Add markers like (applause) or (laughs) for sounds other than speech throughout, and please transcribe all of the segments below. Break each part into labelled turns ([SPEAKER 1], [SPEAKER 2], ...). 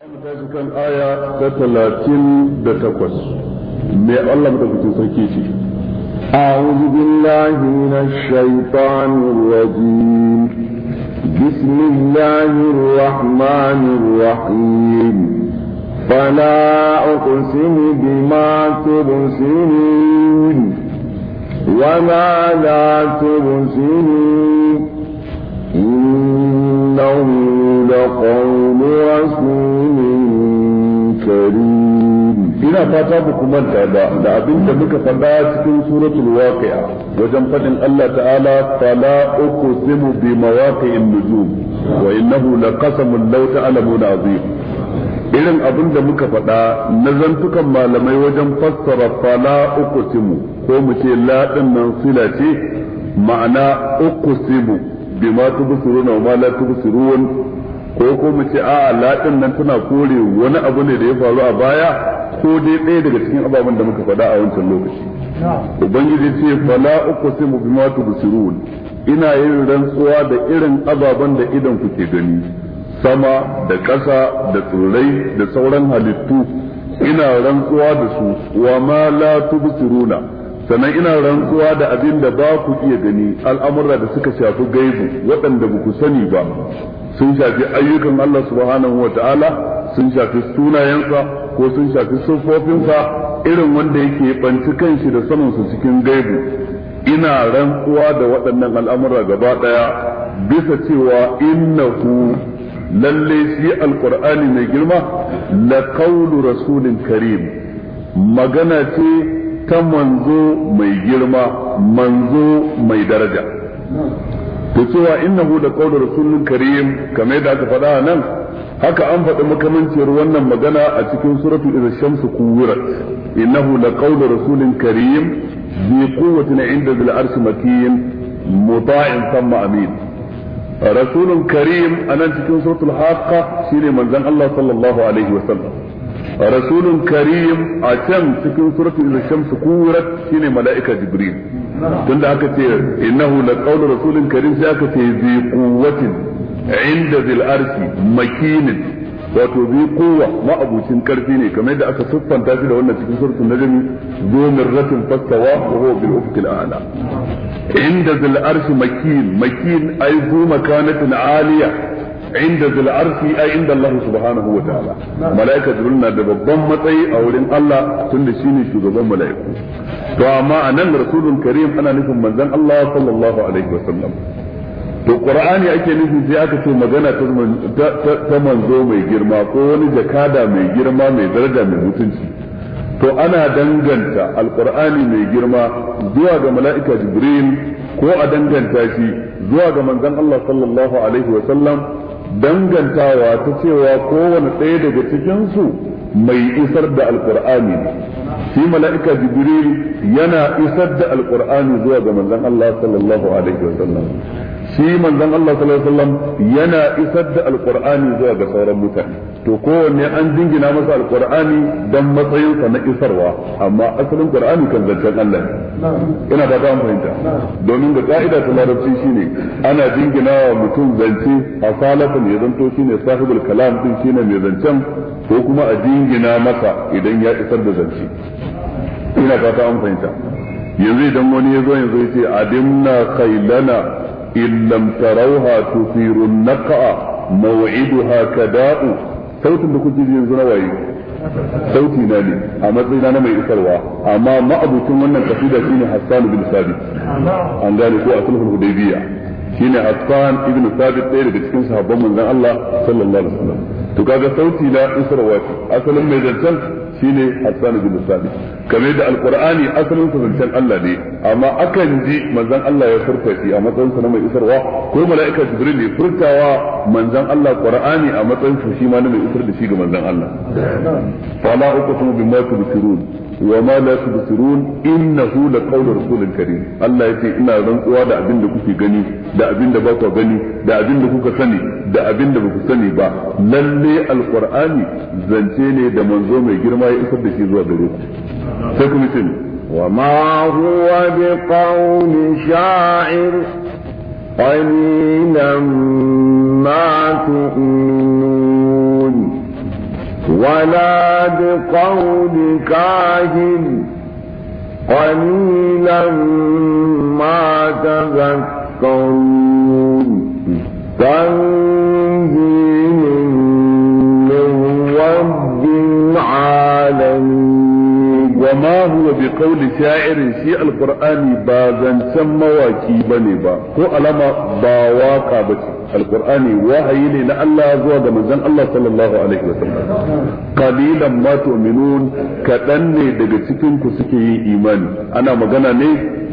[SPEAKER 1] tashi kan aya ta talatin da takwas mai Allah madaukakin sarki ce أعوذ بالله من الشيطان
[SPEAKER 2] الرجيم بسم الله الرحمن الرحيم فلا أقسم بما تبصرون وما لا تبصرون
[SPEAKER 1] ina fata ba ku manta ba da abinda muka faɗa cikin suratun waqi'a wajen faɗin Allah ta'ala fala uqsimu bi mawaqi'in nujum wa innahu laqasamun law ta'lamuna azim irin abinda muka faɗa na zantukan malamai wajen fassara fala uqsimu ko mu ce la nan sila ce ma'ana uqsimu bima tubsiruna wa ma la wani ko ko mu ce a laɗin nan tana kore wani abu ne da ya faru a baya ko dai ɗaya daga cikin ababen da muka faɗa a wancan lokaci ubangiji ce fala uku sai mu bima wani ina yin rantsuwa da irin ababen da idan ke gani sama da ƙasa da tsirrai da sauran halittu ina rantsuwa da su wa ma la na sannan ina rantsuwa da abin da ba ku iya gani al'amura da suka shafi gaibu waɗanda ba ku sani ba sun shafi ayyukan Allah subhanahu wa ta'ala sun shafi sunayensa ko sun shafi siffofinsa irin wanda yake banci kanshi da saninsa cikin gaibu ina rantsuwa da waɗannan al'amura gaba ɗaya bisa cewa innahu lalle shi Alƙur'ani mai girma la qawlu rasulin karim magana ce ta manzo mai girma manzo mai daraja to cewa innahu da qawlu rasulun karim kamar yadda aka faɗa nan haka an faɗi makamanciyar wannan magana a cikin suratu idh shamsu kuwirat innahu la qawlu rasulin karim kowace na inda zil arsh makin muta'in thumma amin rasulun karim nan cikin suratul haka shine manzan Allah sallallahu alaihi wasallam rasulun karim a can cikin suratul shams kurat shine mala'ika jibril tunda aka ce innahu laqawlu rasulun karim sai aka ce bi quwwatin inda makinin wato bi quwwa ma'abucin karfi ne kamar yadda aka siffanta shi da wannan cikin suratul najm zo mirratin fassawa wa huwa bil ufqil a'la inda zil arshi makin makin ay zu makanatin aliyah inda zil arshi ai inda Allah subhanahu wa ta'ala malaika jibril na da babban matsayi a wurin Allah tunda shine shugaban malaiku to amma anan rasulun karim ana nufin manzon Allah sallallahu alaihi wasallam to qur'ani ake nufi sai aka ce magana ta manzo mai girma ko wani jakada mai girma mai daraja mai mutunci to ana danganta alqur'ani mai girma zuwa ga mala'ika jibril ko a danganta shi zuwa ga manzon Allah sallallahu alaihi wa sallam dangantawa ta cewa kowane ɗaya daga cikinsu mai isar da alkur'ani ne shi mala'ika jibril yana isar da alkur'ani zuwa ga manzon Allah sallallahu alaihi wasallam shi manzon Allah sallallahu alaihi wasallam yana isar da alqur'ani zuwa ga sauran mutane to kowanne an jingina masa alqur'ani dan matsayinsa na isarwa amma asalin qur'ani kan zancen Allah ina da ta fahimta domin ka'ida ta larabci shine ana jingina wa mutum zance asalatan ya zanto shine sahibul kalam din shine mai zancen ko kuma a jingina masa idan ya isar da zance ina fahimta yanzu idan wani ya zo yanzu ya ce adimna khailana In إن لم تروها تثير النقع موعدها كداء صوت بكل جزء زنوائي sauti na ne a matsayina na mai isarwa amma ma'abucin wannan kasida shine Hassan bin Sabit an gane ko a sulhul Hudaybiyah shine Hassan ibn Sabit ɗaya daga cikin sahabban manzon Allah sallallahu alaihi wasallam to kaga sauti na isarwa asalin mai zancen shine Hassan bin Sabit kamar da alqur'ani asalin sa zancen Allah ne amma akan ji manzon Allah ya furta shi a matsayin sa na mai isarwa ko mala'ika Jibril ne furtawa manzon Allah qur'ani a matsayin sa shi ma na mai isar da shi ga manzon Allah fala uqsimu bima tubsirun wa ma la tubsirun innahu la qawlu rasulin karim Allah yace ina rantsuwa da abin kuke gani da abin da gani da abin kuka sani da abinda baku sani ba lallai alqur'ani zance ne da manzo mai girma ya isar da shi zuwa gare ku sai kuma ce وما
[SPEAKER 2] هو بقول شاعر قليلا ما تؤمن ولا بقول كاهن قليلا ما تذكرون
[SPEAKER 1] ma huwa bi qawli sha'irin shi alqur'ani ba zancen mawaki bane ba ko alama ba waka bace alqur'ani wahayi ne na Allah zuwa ga manzon Allah sallallahu alaihi wasallam qalilan ma tu'minun ne daga cikin ku suke yin imani ana magana ne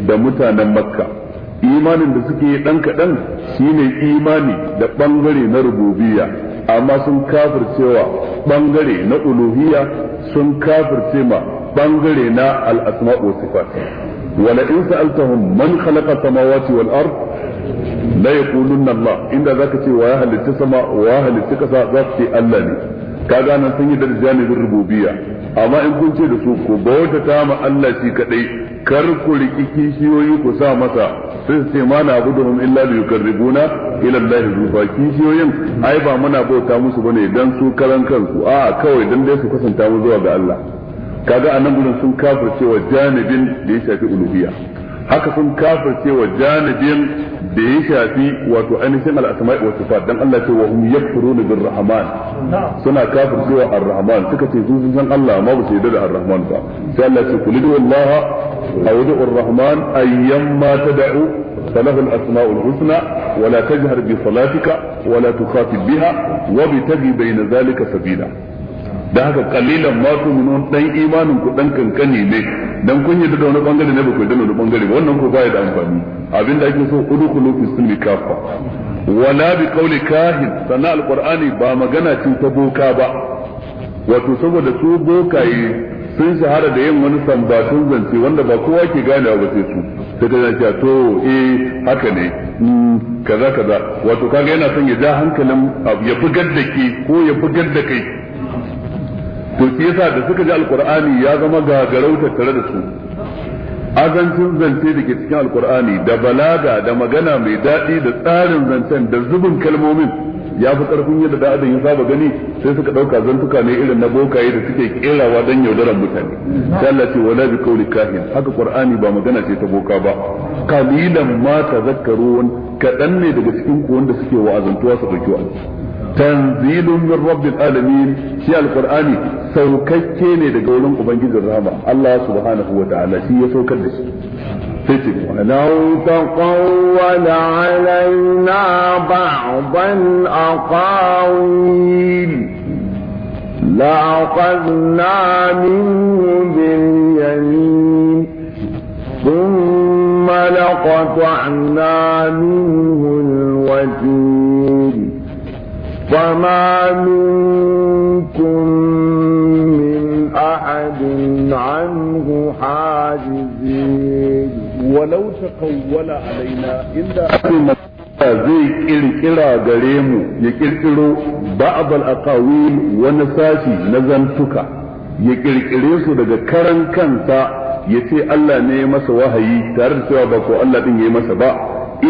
[SPEAKER 1] da mutanen makka imanin da suke yi dan kadan shine imani da ɓangare na rububiya amma sun kafircewa ɓangare na uluhiya sun kafirce ma bangare na al-asma wa sifat wala in sa'altahum man khalaqa samawati wal ard la yaqulunna Allah inda zaka ce wa ya halitta sama wa ya halitta kasa za ce Allah ne kaga nan sun yi da janibin rububiyya amma in kun ce da su ku bauta ta ma Allah shi kadai kar ku riki kishiyoyi ku sa masa sai su ce ma na abuduhum illa li yuqarribuna ila Allah zulfa kishiyoyin ai ba muna bauta musu bane dan su karan kansu a kawai dan dai su kasanta mu zuwa ga Allah kaga anan gudun sun kafirce wa janibin da ya shafi uluhiya haka sun kafirce wa janibin da ya shafi wato ainihin al'asma'i wa sifat dan Allah ce wa hum yakfuruna bir rahman suna kafirce wa ar-rahman suka ce sun san Allah amma ba su yarda da ar-rahman ba sai Allah ce kulid wallaha aw du'u ar-rahman ayyamma tad'u فله الأسماء الحسنى ولا تجهر بصلاتك ولا تخاطب بها وابتغي بين ذلك sabila. da haka kalilan ma mun dan imanin ku dan kankane ne dan kun yi da wani bangare ne ba ku da wani bangare wannan ku ya da amfani abinda ake so udkhulu fi sunni kafa wala bi qawli kahin sana alqur'ani ba magana ce ta boka ba wato saboda su bokaye sun shahara da yin wani sambatun zance wanda ba kowa ke gane ba sai su daga ta zance to eh haka ne
[SPEAKER 2] hmm,
[SPEAKER 1] kaza kaza wato kaga yana son ya ja hankalin ya bugar da ke ko ya bugar da kai to shi yasa da suka ji alqur'ani ya zama gagarau tare da su azancin zance da ke cikin alqur'ani da balaga da magana mai daɗi da tsarin zancen da zubin kalmomin ya fi karfin yadda da adam ya saba gani sai suka ɗauka zantuka ne irin na bokaye da suke kerawa dan yaudaran mutane sai ce wala bi qawli kahin haka qur'ani ba magana ce ta boka ba qalilan ma tazakkarun kadan ne daga cikin ku wanda suke wa'azantuwa su dauki wa'azi tanzilun min rabbil alamin shi alqur'ani saukakke ne daga wurin ubangijin rahama Allah subhanahu wa ta'ala shi ya saukar da shi na تقول علينا
[SPEAKER 2] بعض الأقاويل na منه باليمين ثم لقطعنا منه الوتين فما منكم أحد عنه
[SPEAKER 1] حاجزين ولو تقول علينا إلا zai kirkira gare mu ya kirkiro ba'd al-aqawil wani sashi na zantuka ya kirkire su daga karan kansa ya ce Allah ne ya masa wahayi tare da cewa ba ko Allah din ya yi masa ba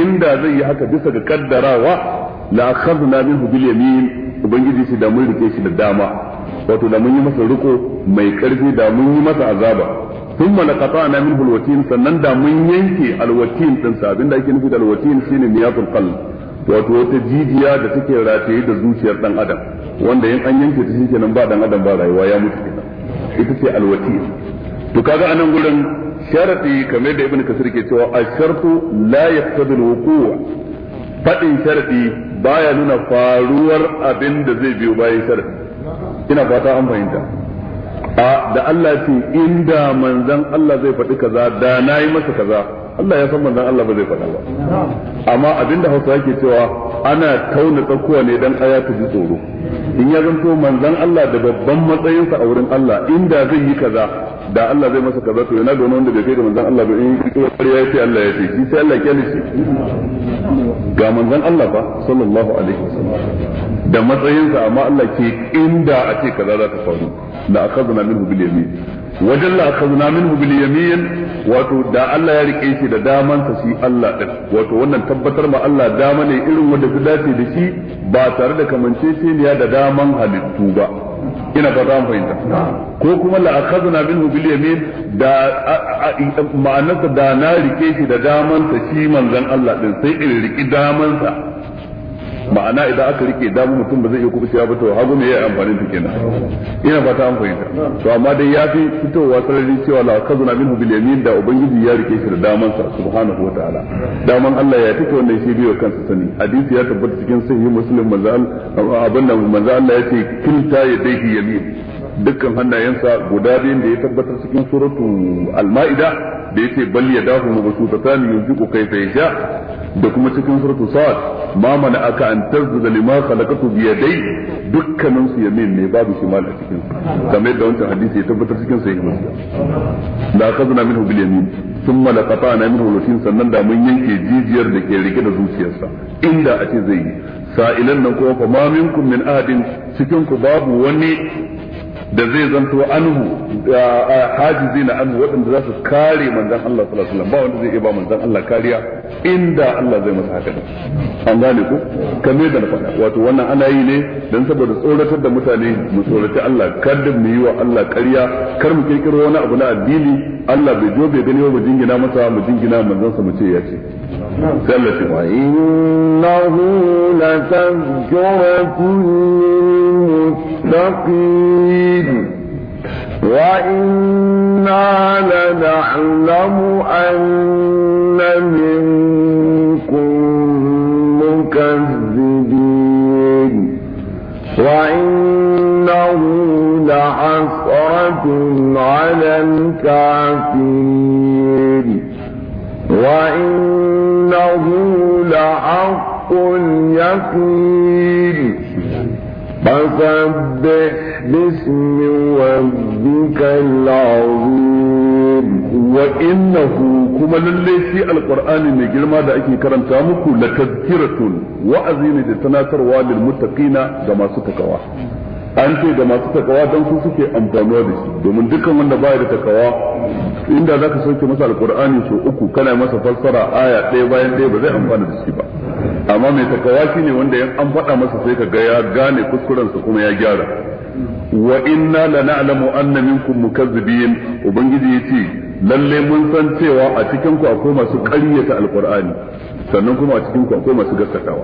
[SPEAKER 1] inda zai yi haka bisa ga kaddarawa la akhadna minhu bil yamin ubangiji shi da mun rike shi da dama wato da mun yi masa riko mai karfi da mun yi masa azaba thumma na minhu alwatin sannan da mun yanke alwatin din sa abinda ake nufi da alwatin shine miyatul qalb wato wata jijiya da take rataye da zuciyar dan adam wanda in an yanke ta nan ba dan adam ba rayuwa ya mutu kenan ita ce alwatin to kaga anan gurin sharati kamar da ibnu kasir ke cewa asharatu la yaqtadi alwuqu' fadin sharati baya nuna faruwar abin da zai biyo bayan sharati ina fata an fahimta a da Allah ce inda manzan Allah zai faɗi kaza da na yi masa kaza Allah ya san manzan Allah ba zai faɗa ba amma abinda Hausa yake cewa ana tauna tsakuwa ne dan aya ta ji tsoro in ya zanto manzan Allah da babban matsayinsa a wurin Allah inda zai yi kaza da Allah zai masa kaza to yana da wanda bai kai da manzon Allah ba in kare ya ce Allah ya ce shi sai Allah kyale shi ga manzon Allah ba sallallahu alaihi wasallam da matsayinsa amma Allah ke inda a ce kaza za ta faru la akhadna minhu bil yamin wajen la akhadna minhu bil yamin wato da Allah ya rike shi da daman sa shi Allah din wato wannan tabbatar ma Allah dama ne irin wanda su dace da shi ba tare da kamanceceniya da daman halittu ba ina ba za mu fahimta ko kuma la akhadna minhu bil yamin da ma'anarsa da na rike shi da daman sa shi manzon Allah din sai in riki daman sa ma'ana idan aka rike damu mutum ba zai iya kubucewa ba to hagu me yayi amfani ta kenan ina ba ta amfani to amma dai ya fi fitowa sarari cewa la kazuna minhu bil yamin da ubangiji ya rike shi da daman sa subhanahu wa ta'ala daman Allah ya fito wannan shi biyo kansa sani hadisi ya tabbata cikin sahih muslim manzal abinda manzal Allah ya ce kilta yadayhi yamin dukkan hannayensa guda biyun da ya tabbatar cikin suratul al-ma'ida da yace bal yadahu mabsutatan yunfiqu kayfa ja da kuma cikin suratu sa'ad ma mana aka an tazza lima khalaqatu bi yadai dukkanin su yamin ne babu shimal a cikin kamar yadda wancan hadisi ya tabbatar cikin sahih muslim la khazna minhu bil yamin thumma la qata'na minhu lutin sannan da mun yanke jijiyar da ke rike da zuciyarsa inda a ce zai yi sa'ilan nan kuma fa ma minkum min ahadin cikin ku babu wani da zai zanto anhu hajizi na anhu waɗanda za su kare manzan Allah sallallahu alaihi wasallam ba wanda zai iya ba manzan Allah kariya inda Allah zai masa haka an gane ku kame da na faɗa wato wannan ana yi ne don saboda tsoratar da mutane mu tsorata Allah kada mu yi wa Allah kariya kar mu kirkiro wani abu na addini Allah bai jo bai gani ba mu jingina masa mu jingina manzon sa mu ce ya ce نعم. وإنه لتذكرة للمتقين
[SPEAKER 2] وإنا لنعلم أن منكم مكذبين وإنه لحسرة على الكافرين وإن حق اليقين فسبح باسم ربك العظيم وإنه
[SPEAKER 1] كما للي القرآن من جلما دا كرم تامك لتذكرة وأذين تتناثر والمتقين كما ستكوا an da masu takawa don su suke amfani da su domin dukkan wanda baya da takawa inda za ka sauke masa alƙur'ani so uku kana masa fassara aya ɗaya bayan ɗaya ba zai amfana da shi ba amma mai takawa shi ne wanda an faɗa masa sai ga ya gane kuskurensa kuma ya gyara wa inna la na'lamu anna minkum mukazzibin ubangiji yace lalle mun san cewa a cikin ku akwai masu ƙaryata alqur'ani sannan kuma a cikin ku akwai masu gaskatawa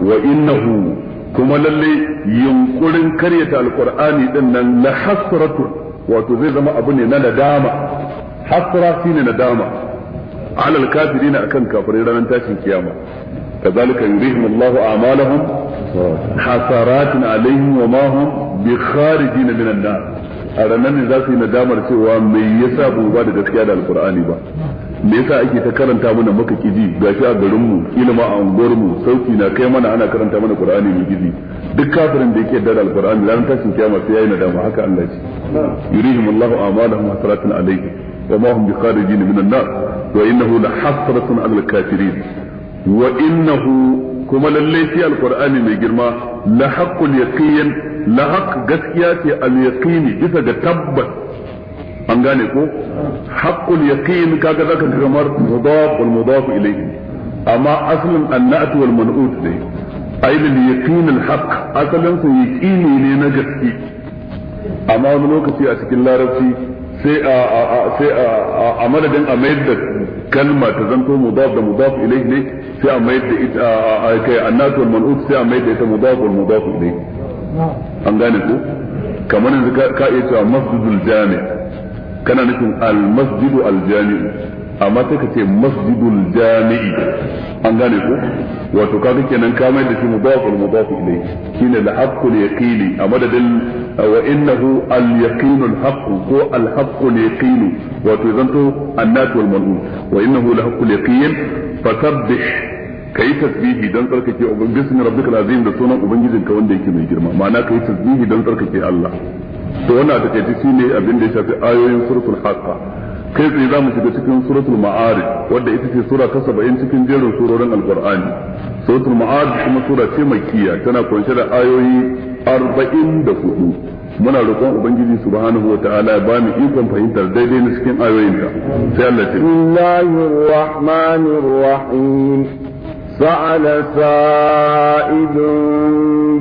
[SPEAKER 1] wa innahu kuma lalle yunkurin karyata alqur'ani din nan la hasratu wato zai zama abu ne na nadama hasra shine nadama alal ne akan kafirai ranar tashin kiyama كذلك يريهم الله أعمالهم حسرات عليهم وما هم بخارجين من النار ne za yi nadamar cewa me yasa ba ba da gaskiya da alkur'ani ba me yasa ake ta karanta mana maka kiji gashi a garin mu a sauki na kai mana ana karanta mana qur'ani mai duk kafirin da yake da alkur'ani ranar tashin kiyama sai yayi nadama haka Allah ce yurihim Allahu a'malahum hasaratun alayhi wa ma hum bikharijin min nar wa innahu la hasratun 'alal kafirin wa innahu kuma lallai shi alqur'ani mai girma la haqqul yaqin la haqq gaskiya ce al yaqini bisa ga tabbas an gane ko haqqul yaqin kaga zaka ga kamar mudaf wal mudaf ilayhi amma aslun annat wal man'ut ne ayi ai yaqin al asalin ne na lokaci a cikin larabci sai a madadin a kalma ta zanto mudaf da mudaf ilayhi ne sai a mayar da ita a kai annatu wal man'ut a mayar da ita mudaf wal mudaf ilayhi an gane ko ka kana nufin al amma sai ka ce masjidul jami'i an gane ko wato kaga kenan ka mai da shi mudaf al mudaf ilayhi shine al haqqul yaqini a madadin uh, wa innahu al yaqinu al haqq ko al haqqul yaqinu wato zanto annat wal man'un wa innahu al haqqul yaqin fasabbih kai tasbihi dan tsarkake ubangiji bismi rabbikal azim da sunan ubangijinka wanda yake mai girma ma'ana kai tasbihi dan tsarkake Allah to wannan take shine abin da ya shafi ayoyin suratul haqqah kai tsaye za mu shiga cikin suratul ma'ari wadda ita ce sura ta saba'in cikin jerin surorin alqur'ani suratul ma'ari kuma sura ce tana kunshe da ayoyi arba'in da hudu muna roƙon ubangiji subhanahu wata'ala ya bani ikon fahimtar daidai na cikin ayoyinta sai Allah ce Bismillahir
[SPEAKER 2] rahmanir rahim سأل سائل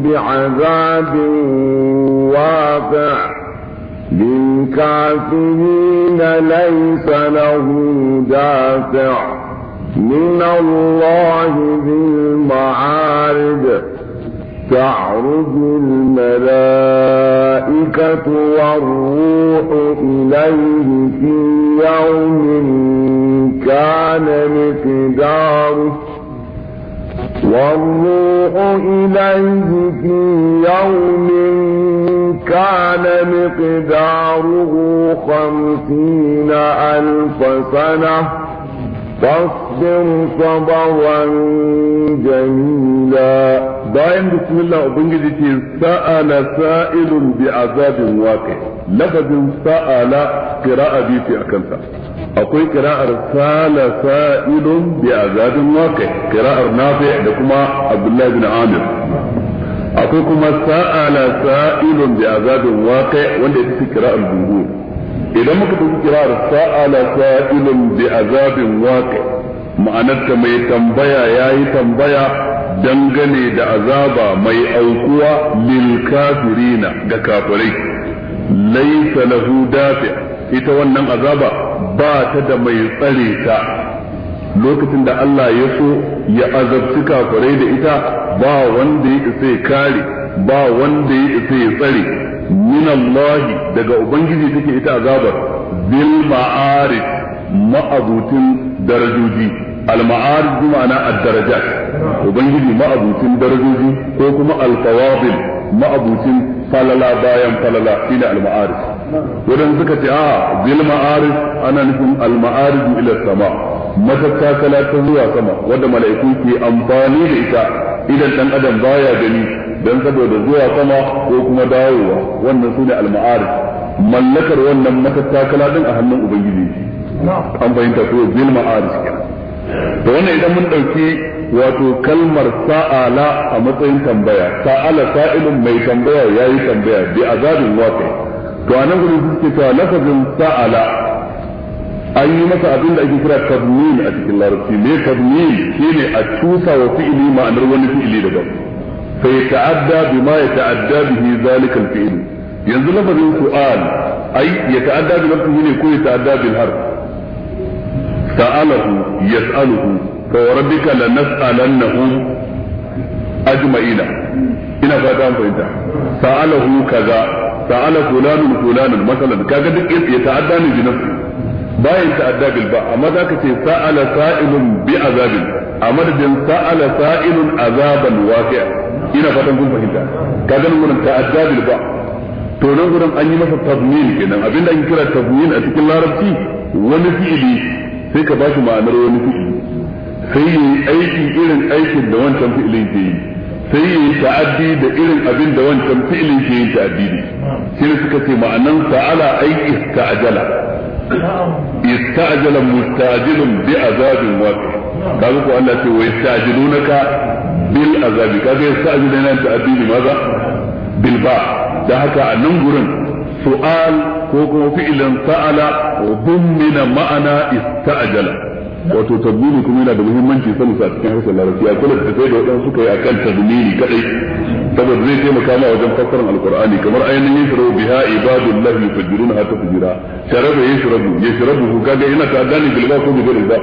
[SPEAKER 2] بعذاب واقع للكافرين ليس له دافع من الله ذي المعارض تعرج الملائكة والروح إليه في يوم كان مقداره والروح إليه في يوم كان مقداره خمسين ألف سنة فاصبر صبرا جميلا
[SPEAKER 1] باين بسم الله وبنجد سأل سائل بعذاب واقع لفظ سأل قراءة دي في أكلتا akwai kira'ar sala sa'ilun bi azabin waqi kira'ar nafi da kuma abdullahi bin amir akwai kuma sa'ala sa'ilun bi azabin waqi' wanda yake al jumhur idan muka tafi kira sa'ala sa'ilun bi azabin waqi' ta mai tambaya yayi tambaya dangane da azaba mai aukuwa lil kafirina ga kafirai laysa lahu dafi ita wannan azaba ba ta da mai tsare ta lokacin da Allah ya so ya azabci kafirai da ita ba wanda ya isa ya kare ba wanda ya isa ya tsare min Allah daga ubangiji take ita azabar bil ma'arif ma'abutin darajoji al ma'arif bi ma'ana ad darajat ubangiji ma'abutin darajoji ko kuma al qawabil ma'abutin falala bayan falala ila al ma'arif wadan suka ce a bil ma'arif ana nufin al ma'arif ila sama' matattakala ta zuwa sama wanda mala'iku ke amfani da ita idan dan adam baya gani dan saboda zuwa sama ko kuma dawowa wannan sune al-ma'arij mallakar wannan matattakala din a hannun ubangiji an fahimta ko bil ma'arij kenan to wannan idan mun dauki wato kalmar sa'ala a matsayin tambaya sa'ala sa'ilun mai tambaya yayi tambaya bi azabin wata to anan gurin suke cewa lafazin sa'ala an yi masa abin da ake kira tabmil a cikin larabci me tabmil shine a tusa wa fi'ili ma'anar wani fi'ili daga fa yata'adda bima yata'adda bihi zalika al-fi'l yanzu lafazin su'al ai yata'adda bi lafzi shine ko yata'adda bil harf sa'alahu yas'aluhu fa rabbika lanas'alannahum ajma'ina ina fata an fahimta sa'alahu kaza sa'ala fulanun fulanan masalan kaga duk yata'adda ne bi nafsi bayan ta'adda bil ba amma za ka ce sa'ala sa'ilun bi azabin a madadin sa'ala sa'ilun azaban wafiya ina fatan kun fahimta ka kaga nan gurin ta'adda bil ba to nan gurin an yi masa tazmin kenan abinda an kira tazmin a cikin larabci wani fi'ili sai ka bashi ma'anar wani fi'ili sai yi aiki irin aikin da wancan fi'ilin ke yi sai yi ta'addi da irin abin da wancan fi'ilin ke yin ta'addi ne shi suka ce ma'anan sa'ala aiki ta'ajala ista'jala mustajilun bi azabin waqi kaga ko Allah ce wa yastajilunaka bil azabi kaga yastajilun nan ta addini maza bil ba da haka a nan gurin su'al ko kuma fi'lan sa'ala wa dummina ma'ana ista'ajala. wato tadmini kuma yana da muhimmanci sanin sa cikin harshen larabci a kula da sai da wadansu suka yi akan tadmini kadai saboda zai taimaka ma wajen fassarar alqur'ani kamar ayanin yashrabu biha ibadullahi yufajjiruna hatta fujira sharaba yashrabu yashrabu kaga yana ta'addani bil ba ko bil ba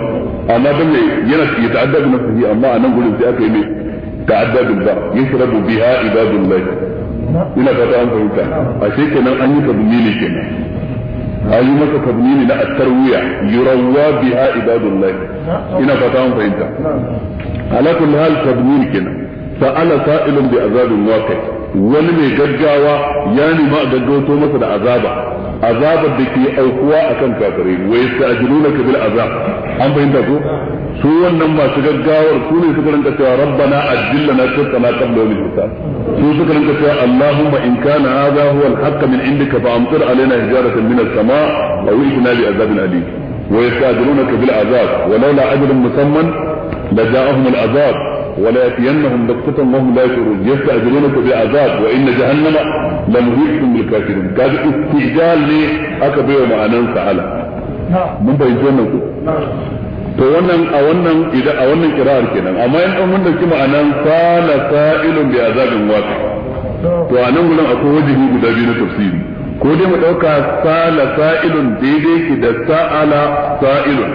[SPEAKER 1] amma dan ne yana ta'adda bi nafsihi amma anan gurin sai aka yi ne ta'adda bil ba yashrabu biha ibadullahi ina fata an fahimta a shekenan an yi tadmini kenan ayi maka tabnini na at-tarwiya yurawwa biha ibadullah ina fata mun fahimta ala kulli hal tabnini kenan sa'ala sa'ilun bi azabin waqi wani mai gaggawa ya nima a gaggauto masa da azaba azabar da ke aukuwa akan kafirai wa yasta'jilunaka bil azab an fahimta ko su wannan masu gaggawar su ne suka rinka cewa rabbana ajillana qitana qabla yawmil hisab su suka rinka cewa allahumma in kana hadha huwa al-haqq min indika fa amtir alaina hijaratan min as-sama' aw ihna bi azabin alim ويستعجلونك بالعذاب ولولا أجل مسمى لجاءهم azab. ولا يأتينهم بغتة وهم لا يشعرون يستعجلونك بعذاب وإن جهنم لمحيط بالكافرين كاد استعجال لي أكبر معنى تعالى mun bai ji wannan ku to wannan a wannan idan a wannan kirar kenan amma in an wannan ki ma'anan sala sa'ilun bi azabin waqi to a nan gurin akwai wajibi guda biyu na tafsiri ko dai mu dauka sala sa'ilun daidai ki da sa'ala sa'ilun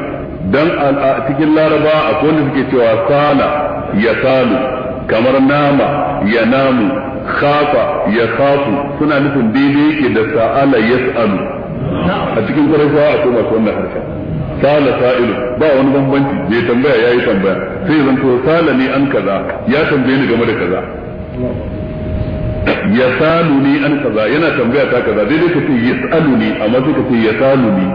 [SPEAKER 1] dan a cikin laraba akwai wanda suke cewa sala yasalu kamar nama ya namu khafa ya khafu suna nufin daidai yake da sa'ala yas'alu a cikin ƙarfa a koma su wannan harshen sala sa'ilu ba wani bambanci bai tambaya yayi tambaya sai zan to sala ni an kaza ya tambaye ni game da kaza ya salu saluni an kaza yana tambaya ta kaza daidai ka ce yas'aluni amma sai ka ce ya saluni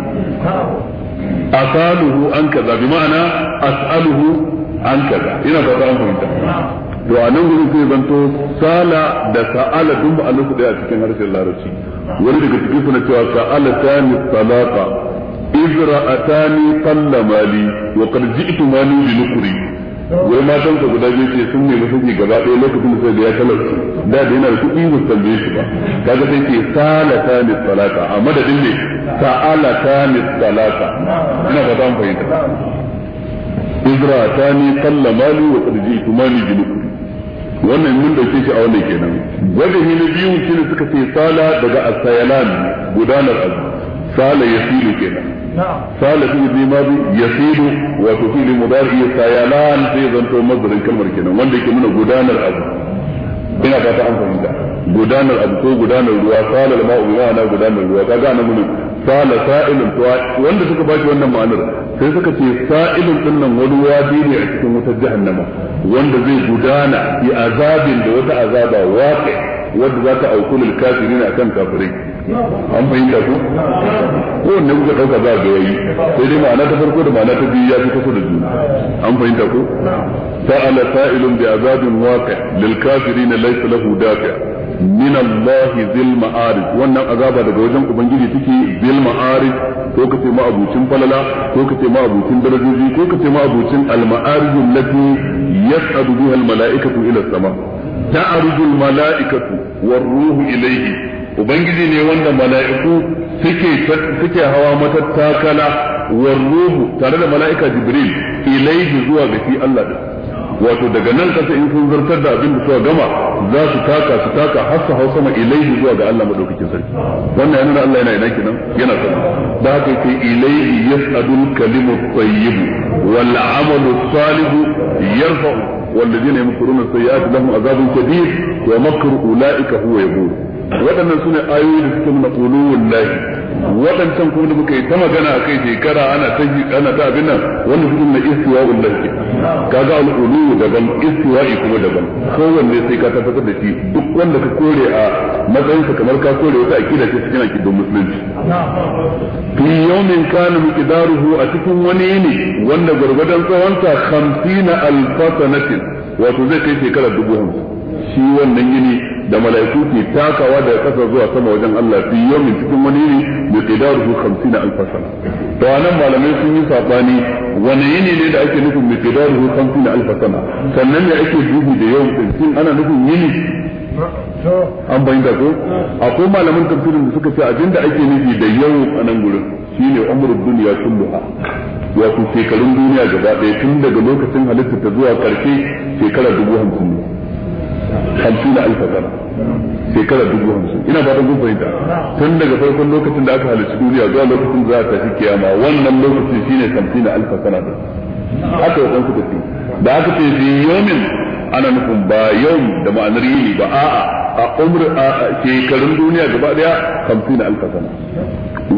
[SPEAKER 1] asaluhu an kaza bi ma'ana as'aluhu an kaza ina fata an fahimta to a nan gurin sai zanto sala da sa'ala dun ba su daya a cikin harshen larabci wani daga cikin suna cewa sa'ala tani salata izra atani salla mali wa qad ji'tu mali bi nukri wai matan ka guda biyu ce sun nemi sauki gaba ɗaya lokacin da sai da ya talauci da da yana da kuɗi ba su tambaye shi ba kaga sai ce sala tani salata a madadin ne sa'ala tani salata ina fata an fahimta izra'atani qalla mali wa qad ji'tumani bi wannan mun dauke shi a wannan kenan na biyu shine suka ce sala daga asayalan gudanar abu sala kenan sala fi sayalan sai zanto kalmar kenan wanda yake nuna gudanar ina an fahimta gudanar abu ko gudanar ruwa sala mau ma'ana gudanar ruwa qala sa'ilun wanda suka baki wannan ma'anar sai suka ce sa'ilun din nan wani wadi ne a cikin wutar jahannama wanda zai gudana bi azabin da wata azaba waqi wanda za ta auku lil kafirin akan kafirai an fahimta ko ko wanne kuka dauka za ga yayi sai dai ma'ana ta farko da ma'ana ta biyu ya fi kusa da juna an fahimta ko sa'ala sa'ilun bi azabin waqi lil kafirin laysa lahu dafi' min Allah zil ma'arij wannan azaba daga wajen ubangiji take zil ma'arij ko kace ma abucin falala ko kace ma abucin darajoji ko kace ma abucin al ma'arij allati yas'adu biha al mala'ikatu ila sama ta'ruju al mala'ikatu war ruhu ilayhi ubangiji ne wanda mala'iku suke suke hawa matattakala war ruhu tare da mala'ika jibril ilayhi zuwa ga shi Allah din wato daga nan kasa in sun zartar da abin da suka gama za su taka su taka har su hau sama ilaihi zuwa ga Allah madaukakin sarki wannan yana Allah yana ina kenan yana sama da haka yake ilaihi yasadul kalimu tayyib wal amalu salihu yarfa'u والذين يمكرون السيئات لهم عذاب شديد ومكر اولئك هو يبور waɗannan ne ayoyi da suke nuna qulul lahi waɗancan kuma da muka yi ta magana a kai shekara ana ta ana ta abin nan wanda su nuna istiwa'ul lahi kaga al ulu daban istiwa'i kuma daban kowanne sai ka tabbatar da shi duk wanda ka kore a matsayinsa kamar ka kore wata akida ce cikin akidar musulunci fi yawmin kana miqdaruhu a cikin wani ne wanda gurgurdan tsawonsa 50 na sanatin wato zai kai shekara dubu hamsin shi wannan yini da mala'iku ke takawa daga kasa zuwa sama wajen Allah fi yawmin cikin wani yini miqdaruhu 50 alf sana to anan malamai sun yi sabani wani yini ne da ake nufin miqdaruhu 50 alfasa sana sannan ne ake dubi da yawm din shin ana nufin yini an da ko akwai malaman tafsirin da suka ce abinda ake nufi da yau a nan gurin shine umrul dunya kulluha wato shekarun duniya gaba ɗaya tun daga lokacin halitta ta zuwa ƙarshe shekara dubu hamsin ne hamsin da alfa shekara dubu hamsin ina ba kun da tun daga farkon lokacin da aka halarci duniya zuwa lokacin za a tafi kiyama wannan lokacin shine hamsin da alfa sana din haka ya kansu tafi da aka ce fi yomin ana nufin ba yau da ma'anar yini ba a'a a umr a shekarun duniya gaba daya hamsin da alfa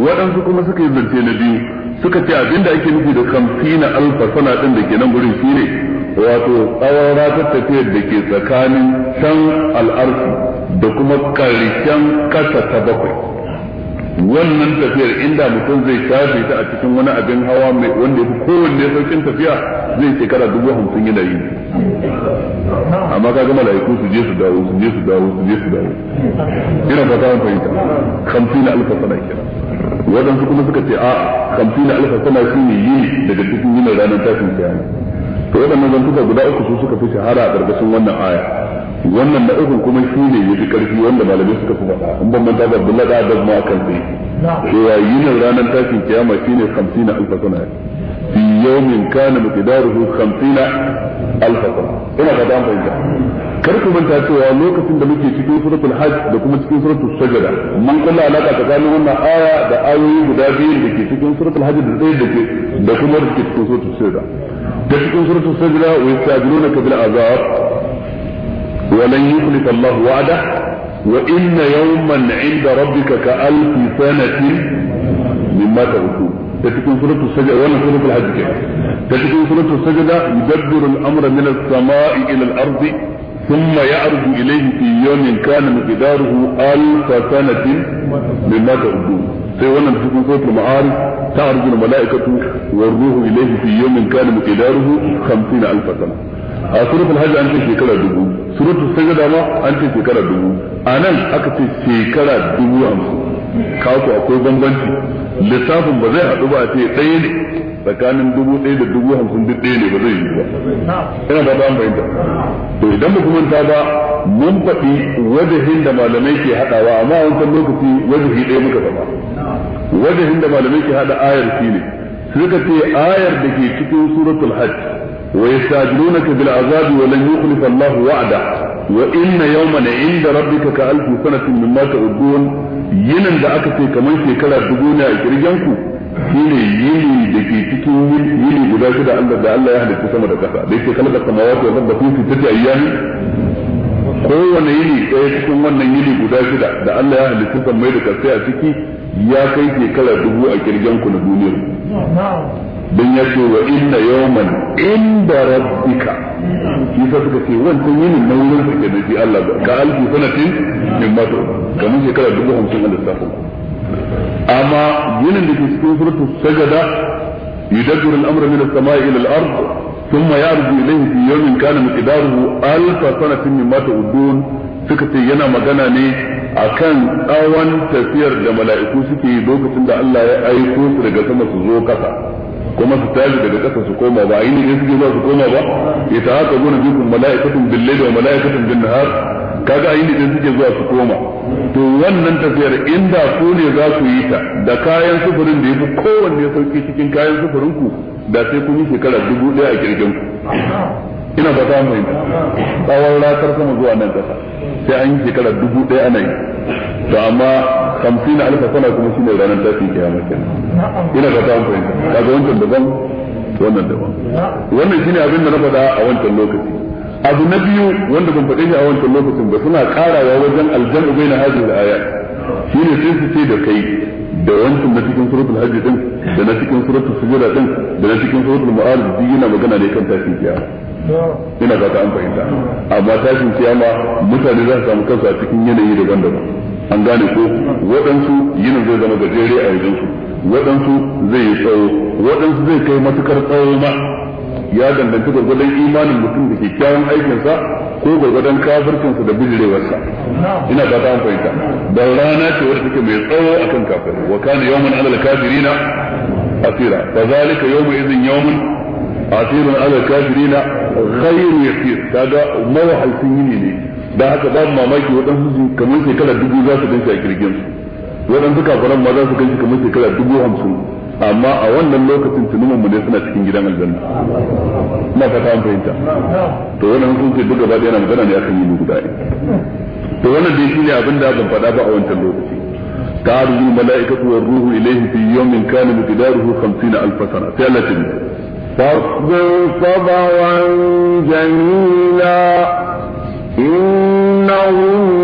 [SPEAKER 1] waɗansu kuma suka yi zance na biyu suka ce abinda ake nufi da hamsin da alfa din da ke nan gurin shine wato tsawon ratar tafiyar da ke tsakanin can al'arfi da kuma karshen kasa ta bakwai wannan tafiyar inda mutum zai shafe ta a cikin wani abin hawa mai wanda ya fi kowanne saukin tafiya zai shekara dubu hamsin yana yi amma ka gama laiku su je su dawo su je su dawo su je su dawo
[SPEAKER 3] ina fata an fahimta
[SPEAKER 1] na alfa sana kenan waɗansu kuma suka ce a na alfa sana shi ne yi daga cikin yinin ranar tashin kiyama to waɗannan zantuka guda uku su suka fi shahara a ƙarƙashin wannan aya wannan na ukun kuma shi ne ya fi ƙarfi wanda malamai suka fi faɗa in ban manta da Abdullahi da Adam ma kan sai
[SPEAKER 3] cewa yinin
[SPEAKER 1] ranar tashin kiyama shi shine 50 alfa sana fi yawmin kana miqdaruhu 50 alfa sana ina ga dan bayyana kar ku manta cewa lokacin da muke cikin suratul hajj da kuma cikin suratul sajada mun kalla alaka tsakanin wannan aya da ayoyi guda biyu da ke cikin suratul hajj da da ke da kuma da ke cikin suratul sajada تشكو سورة السجدة ويستعجلونك بالعذاب ولن يخلف الله وعده وإن يوما عند ربك كألف سنة مما تغفل تشكو سورة السجدة ولن سورة الحج تشكو سورة السجدة يدبر الأمر من السماء إلى الأرض ثم يعرض إليه في يوم كان مقداره ألف سنة مما تعدون sai wannan cikin suratul ma'arij ta arjul mala'ikatu wa ruhu ilayhi fi yawmin kana miqdaruhu 50 alf sana a suratul hajj an ce shekara dubu suratul sajda ma an ce shekara dubu anan aka ce shekara dubu hamsin kawo akwai bambanci lissafin ba zai haɗu ba a ce ɗaya tsakanin dubu ɗaya da dubu hamsin duk ɗaya ne ba zai yi ba yana da ba fahimta to idan ba kuma ta ba mun faɗi wajahin da malamai ke haɗawa amma a wancan lokaci wajahi ɗaya muka faɗa wajahin da malamai ke haɗa ayar shi ne suka ce ayar da ke cikin suratul hajj wa yastajilunaka bil azabi wa lan yukhlifa allah wa'da wa inna yawman 'inda rabbika ka alfi sanatin mimma ta'udun yinan da aka ce kamar shekara dubu ne a kirgen ku shine yili da ke cikin yili guda shida Allah da Allah ya halitta sama da kasa da yake sama kalkar samawati wal ardi fi sittati ayyami kowane yili ɗaya cikin wannan yili guda shida da Allah ya halitta sama da kasa a ciki ya kai ke kala dubu a kirgen ku na duniya don ya ce wa inna yawman inda rabbika shi sa suka ce wancan yinin na wurin ke kenan shi Allah ka alfi sanatin min mato kamar shekara dubu hamsin a lissafin amma ginin da ke cikin suratu sajada yudabbiru al-amra min as-sama'i ila al-ard thumma yarju ilayhi fi yawmin kana miqdaruhu alf sanatin mimma ta'udun suka ce yana magana ne akan tsawan tafiyar da mala'iku suke yi lokacin da Allah ya aiko su daga sama su zo kasa kuma su tashi daga kasa su koma ba ainihin suke ba su koma ba ya ta haka gona bikin mala'ikatun billayl wa mala'ikatun bin nahar kaga ayi ne suke zuwa su koma to wannan tafiyar inda ku ne za ku yi ta da kayan sufurin da yafi kowanne sauki cikin kayan sufurin ku da sai kun yi shekara dubu daya a kirgin ku ina ba ta mai tsawon ratar sama zuwa nan kasa sai an yi shekara dubu daya ana yi to amma hamsin alfa sana kuma shine ranar tashin kiyama kenan
[SPEAKER 3] ina ba ta mai
[SPEAKER 1] kaga wancan daban wannan daban wannan shine abin da na faɗa a wancan lokaci abu na biyu wanda ban faɗe shi a wancan lokacin ba suna karawa wajen aljan'u bai na hajji da aya shi ne sai su ce da kai da wancan na cikin suratul hajji din da na cikin suratul sujura din da na cikin suratul mu'arif duk yana magana ne kan tashin kiyama ina ta an fahimta amma tashin kiyama mutane za su samu kansu a cikin yanayi daban-daban an gane ko waɗansu yinin zai zama gajere a yanzu waɗansu zai yi tsawo waɗansu zai kai matukar tsawo ma ya danganci gwargwadon imanin mutum da kyakkyawan aikinsa ko gwargwadon kafircinsa da bijirewarsa ina ba ta fahimta da rana ce wadda take mai tsawo akan kafir wa kana yawman alal kafirina asira fa zalika yawma idhin yawmun asirun alal kafirina ghayru yasir kaga mawahalcin yini ne dan haka babu mamaki waɗansu kamar shekara dubu za su ganshi a kirgin su waɗansu kafiran ma za su ganshi kamar shekara dubu hamsin amma a wannan lokacin tunumin mu ne suna cikin gidan aljanna ina fata an fahimta to wannan sun ce duk gaba yana magana ne akan yini guda ne to wannan dai shine abin da ban faɗa ba a wancan lokaci تعرج الملائكة والروح إليه في يوم كان مقداره خمسين ألف سنة ثلاثة فاصبر صبرا جميلا
[SPEAKER 2] إنهم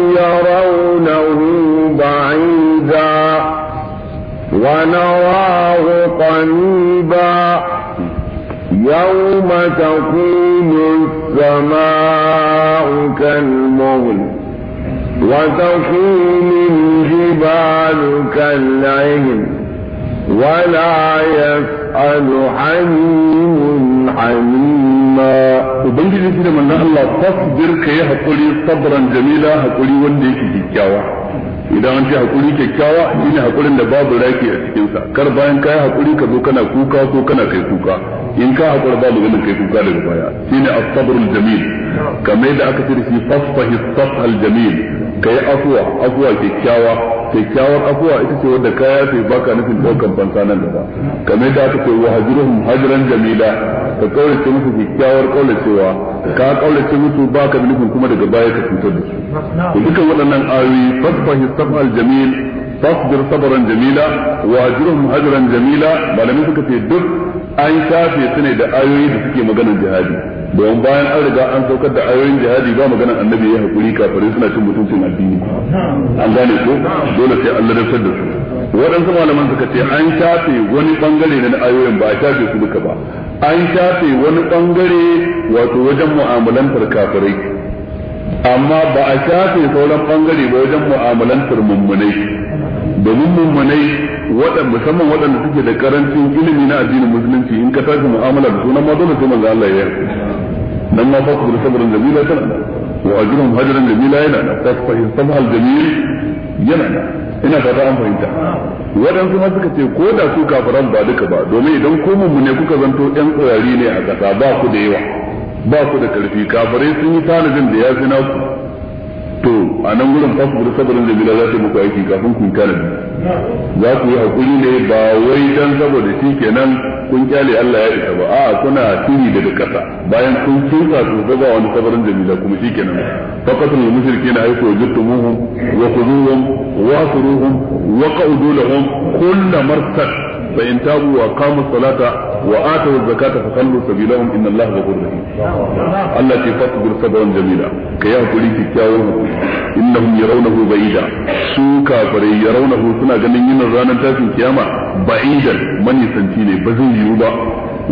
[SPEAKER 2] ونراه قريبا يوم تقوم السماء كالمغل وتقوم الجبال كالعهن ولا يسأل
[SPEAKER 1] حميم حميما وبنجي لسنا من الله تصبر كيها قولي صبرا جميلا هقولي وندي كي idan an ce hakuri kyakkyawa shine hakurin da babu raki a cikinsa kar bayan kai hakuri ka zo kana kuka ko kana kai kuka in ka hakura babu ganin kai kuka daga baya shine as-sabrul jamil kamar yadda aka ce shi fasfahi safhal jamil kai afwa afwa kyakkyawa kyakkyawar afwa ita ce wadda kaya sai baka nufin daukan fansa nan gaba kamar yadda aka ce wa hajruhum hajran jamila ka kaulace musu kyakkyawar kaulacewa ka kaulace musu ba ka nufin kuma daga baya ka cutar da su dukkan waɗannan ayoyi fasfahi sab'al jamil fasbir sabran jamila wa ajrun ajran jamila malamai suka ce duk an shafe su ne da ayoyi da suke maganar jihadi domin bayan an riga an saukar da ayoyin jihadi ba maganar annabi ya hakuri kafirai suna cin mutuncin addini an gane ko dole sai Allah da su waɗansu malaman suka ce an shafe wani bangare na ayoyin ba a shafe su duka ba an shafe wani bangare wato wajen mu'amalantar kafirai amma ba a shafe sauran bangare ba wajen mu'amalantar mummunai domin mummunai waɗanda musamman waɗanda suke da karancin ilimi na addinin musulunci in ka tashi mu'amala da sunan ma dole sai manzo Allah ya yi nan ma fa kubur sabran bila tana wa ajrun hajran bila yana da fa fahim sabal jamil yana da ina fata an fahimta waɗansu ma suka ce ko da su kafiran ba duka ba domin idan ko mu ne kuka zanto yan tsirari ne a ƙasa ba ku da yawa ba ku da ƙarfi kafarai sun yi tanadin da ya fi naku to a nan gurin fasbur sabarin da bila za ta muku aiki kafin ku yi tanadin za ku yi hakuri ne ba wai dan saboda shi kenan kun kyale Allah ya isa ba a kuna tuni daga kasa bayan kun tuka su ba wani sabarin jamila kuma shi kenan na mushrikeena ayku muhun wa khuduhum wa asruhum wa qaudu lahum kulla martar fa in tabu wa qamu salata wa atu zakata fa sallu sabilahum inna allaha ghafurur rahim Allah ce fasbir sabran jamila ka yi hakuri kikkiawar hakuri innahum yarawnahu ba'ida su kafirai yarawnahu suna ganin yin ranar tashin kiyama ba'idan manisanci ne ba zai yiwu ba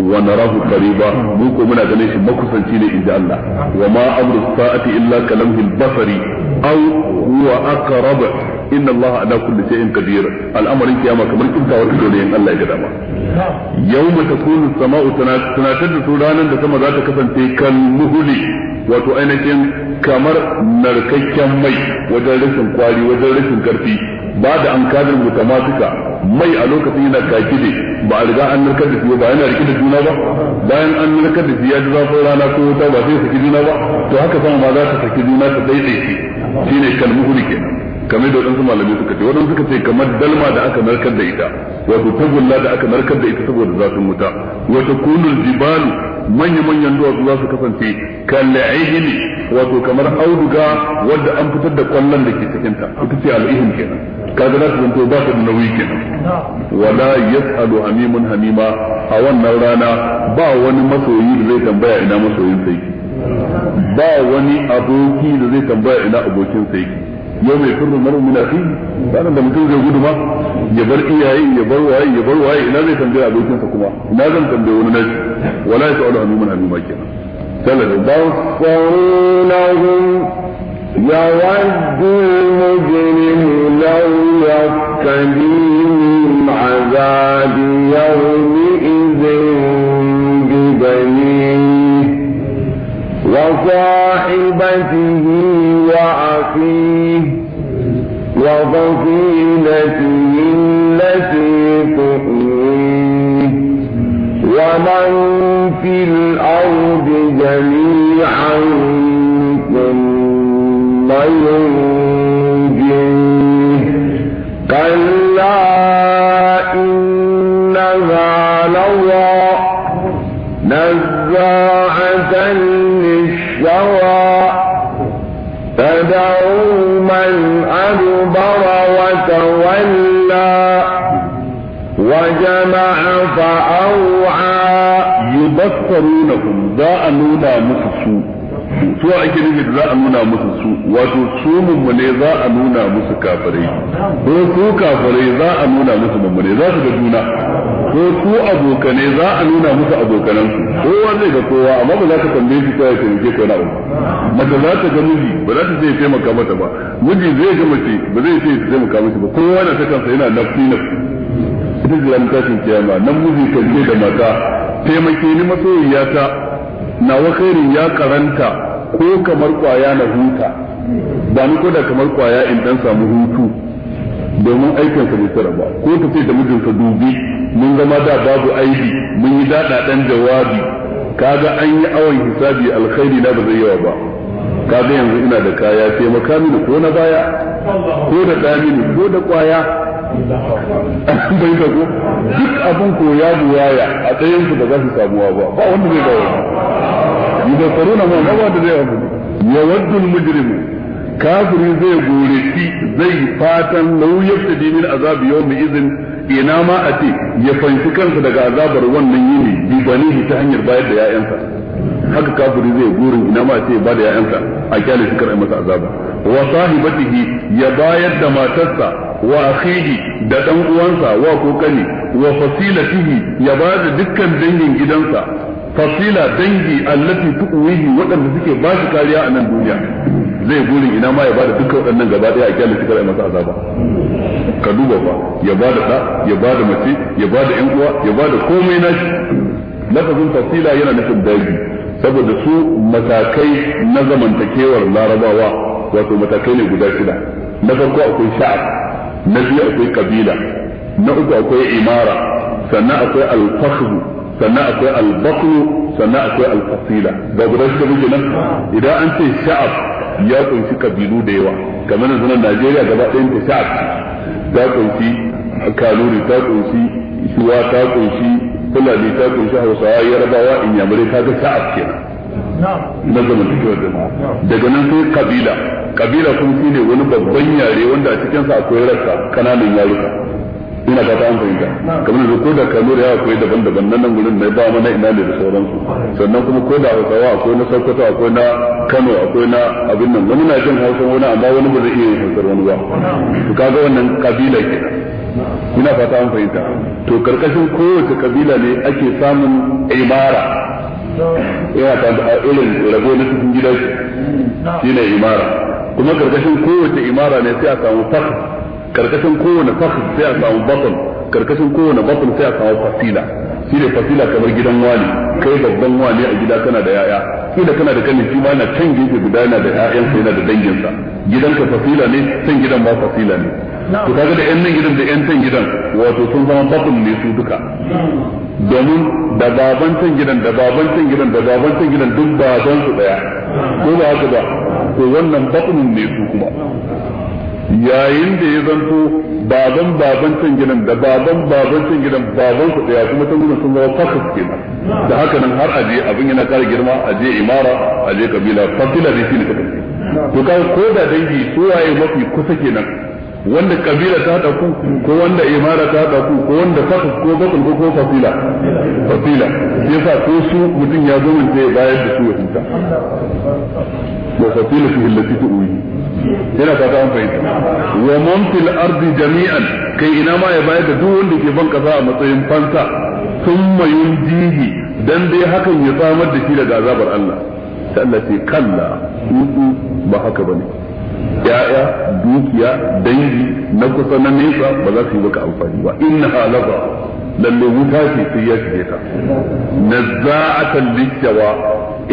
[SPEAKER 1] wa narahu qariba mu ko muna ganin shi makusanci ne inda Allah wa ma sa'ati illa kalamhil basari aw huwa aqrab inna Allah ala kulli shay'in qadir al'amarin kamar kintawar ido ne in ya Yau yawma takunu sama'u tunatar da su ranar da sama za ta kasance kan muhuli wato ainihin kamar narkakken mai wajen rashin kwari wajen rashin karfi ba da an kadar mutamatuka mai a lokacin yana kaki ne ba a riga an narkar da shi ba yana rike da juna ba bayan an narkar da shi ya ji zafin rana ko wuta ba sai saki juna ba to haka sama ba za ta saki juna ta daidai shi shine kalmuhuli ke kamar da wadansu malamai suka ce wadansu suka ce kamar dalma da aka narkar da ita wato tagulla da aka narkar da ita saboda za su wuta wata kunul jibal manya manyan duwatsu za su kasance kal'ihil wato kamar auduga wanda an fitar da kwallon da ke cikin ta ita ce al'ihim kenan kaga za su zanto ba su da nauyi kenan wala yasalu hamimun hamima a wannan rana ba wani masoyi da zai tambaya ina masoyin sai ba wani aboki da zai tambaya ina abokin sai yau mai furru marin mun afi ranar da mutum zai gudu ma ya bar iyaye ya bar waye ya bar waye ina zai tambaya abokinsa kuma ina zan tambaye wani nashi wala ya sa'alu hanuman hanuma kenan sallallahu
[SPEAKER 2] المجرم لو يفتدي من عذاب يومئذ ببنيه وصاحبته وأخيه وفصيلته التي تؤويه ومن في الأرض جميعا ثم ينصره
[SPEAKER 1] na za a nuna musu su su ake nufi da za a nuna musu su wato su mummune za a nuna musu kafirai ko su kafirai za a nuna musu mummune za su ga juna ko su abokane za a nuna musu abokanan su kowa ga kowa amma ba za ka tambaye shi kawai taimake ko na uku mace za ta ga miji ba za ta ce taimaka mata ba miji zai ga mace ba zai ce taimaka mata ba kowa da ta kansa yana nafsi nafsi duk ran tashin kiyama nan miji kan da mata taimake ni masoyiyata wa khairin ya karanta ko kamar kwaya na huta ba ni da kamar kwaya in dan samu hutu domin aikin sa bai ba ko ta ce da mijinsa dubi mun zama da babu aiki mun yi dada dan jawabi kaga an yi awon hisabi alkhairi na ba zai yawa ba kaga yanzu ina da kaya sai makami ko na baya ko da damini ko da kwaya (laughs) bai ka duk abin ko ya a tsayin su da za su samuwa ba ba wanda zai dawo yi da na mawa ba da zai abu ya wadda mujrimu kafiri zai shi zai fatan lauyar ta dimin azabi yau mai izin ina ma a ce ya fahimci kansa daga azabar wannan yini bibanihi ta hanyar bayar da 'ya'yansa haka kafiri zai burin ina ma sai ba da 'ya'yansa a kyale shi kar masa azaba wa sahibatihi ya bayar da matarsa wa akhihi da dan uwansa wa kokani wa fasilatihi ya ba da dukkan dangin gidansa fasila dangi allati tuwihi wadanda suke ba shi kariya a nan duniya zai burin ina ma ya bada dukkan wadannan gaba daya a kyale shi kar masa azaba ka duba fa ya bada da ya bada mace ya bada ƴan uwa ya bada komai nashi lafazin fasila yana nufin dangi saboda su matakai na zamantakewar larabawa wato matakai ne guda shida na farko akwai sha'ar na biyu akwai kabila na uku akwai imara sannan akwai alfahru sannan akwai albakru sannan akwai alfasila ba guda shida muke nan idan an ce sha'ar ya kunshi kabilu da yawa kamar yanzu nan Najeriya gaba ɗayan ta sha'ar ta kunshi kaluri ta kunshi shuwa ta kunshi ne ta kunshi hausawa yarabawa inyamurai ta ga ta'af kenan na zama cikin jama'a daga nan sai kabila kabila kuma shi ne wani babban yare wanda a cikinsa akwai rassa kananan yaruka ina ta an fahimta kamar yanzu ko da kano da yawa akwai daban-daban nan nan gudun mai ba na ina ne da sauransu sannan kuma ko da hausawa akwai na sokoto akwai na kano akwai na abin nan wani na jin hausa wani amma wani ba zai iya yin hausar wani ba to kaga wannan kabila kenan ina fata an fahimta to karkashin kowace kabila ne ake samun imara
[SPEAKER 3] yana ta da irin rago
[SPEAKER 1] na cikin gida shine imara kuma karkashin kowace imara ne sai a samu fakh karkashin kowane fakh sai a samu batn karkashin kowane batn sai a samu fasila shine fasila kamar gidan wani kai babban wani a gida kana da yaya da kana da kanin shi ma na can gefe guda yana da yayan sa yana da dangin sa gidanka fasila ne san gidan ma fasila ne Ku kaga da yan nan gidan da yan can gidan wato sun zama babin ne su duka domin da baban can gidan da baban can gidan da baban can gidan duk baban su daya ko ba haka ba to wannan babin ne su kuma yayin da ya zanto baban baban can gidan da baban baban can gidan baban su daya kuma ta sun zama fakas kenan da haka nan har aje abin yana kara girma aje imara aje kabila fakila ne shi ne kasance ko da dangi so waye mafi kusa kenan wanda kabila ta hada ku ko wanda imara ta hada ku ko wanda fakas ko bakul ko fafila fafila yasa ko su mutum ya zo sai bayar da su ya huta wa fafila fi allati tuwi
[SPEAKER 3] yana fata ta amfani
[SPEAKER 1] wa man fil ardi jami'an kai ina ma ya bayar da duk wanda ke ban kasa a matsayin fansa thumma jihi. dan dai hakan ya samar da shi daga azabar Allah sai Allah ce kalla ba haka bane ya'ya dukiya dangi na kusa na nesa ba za su yi maka amfani ba inna halaba lalle wuta ce sai ya shige ta nazza'atan likyawa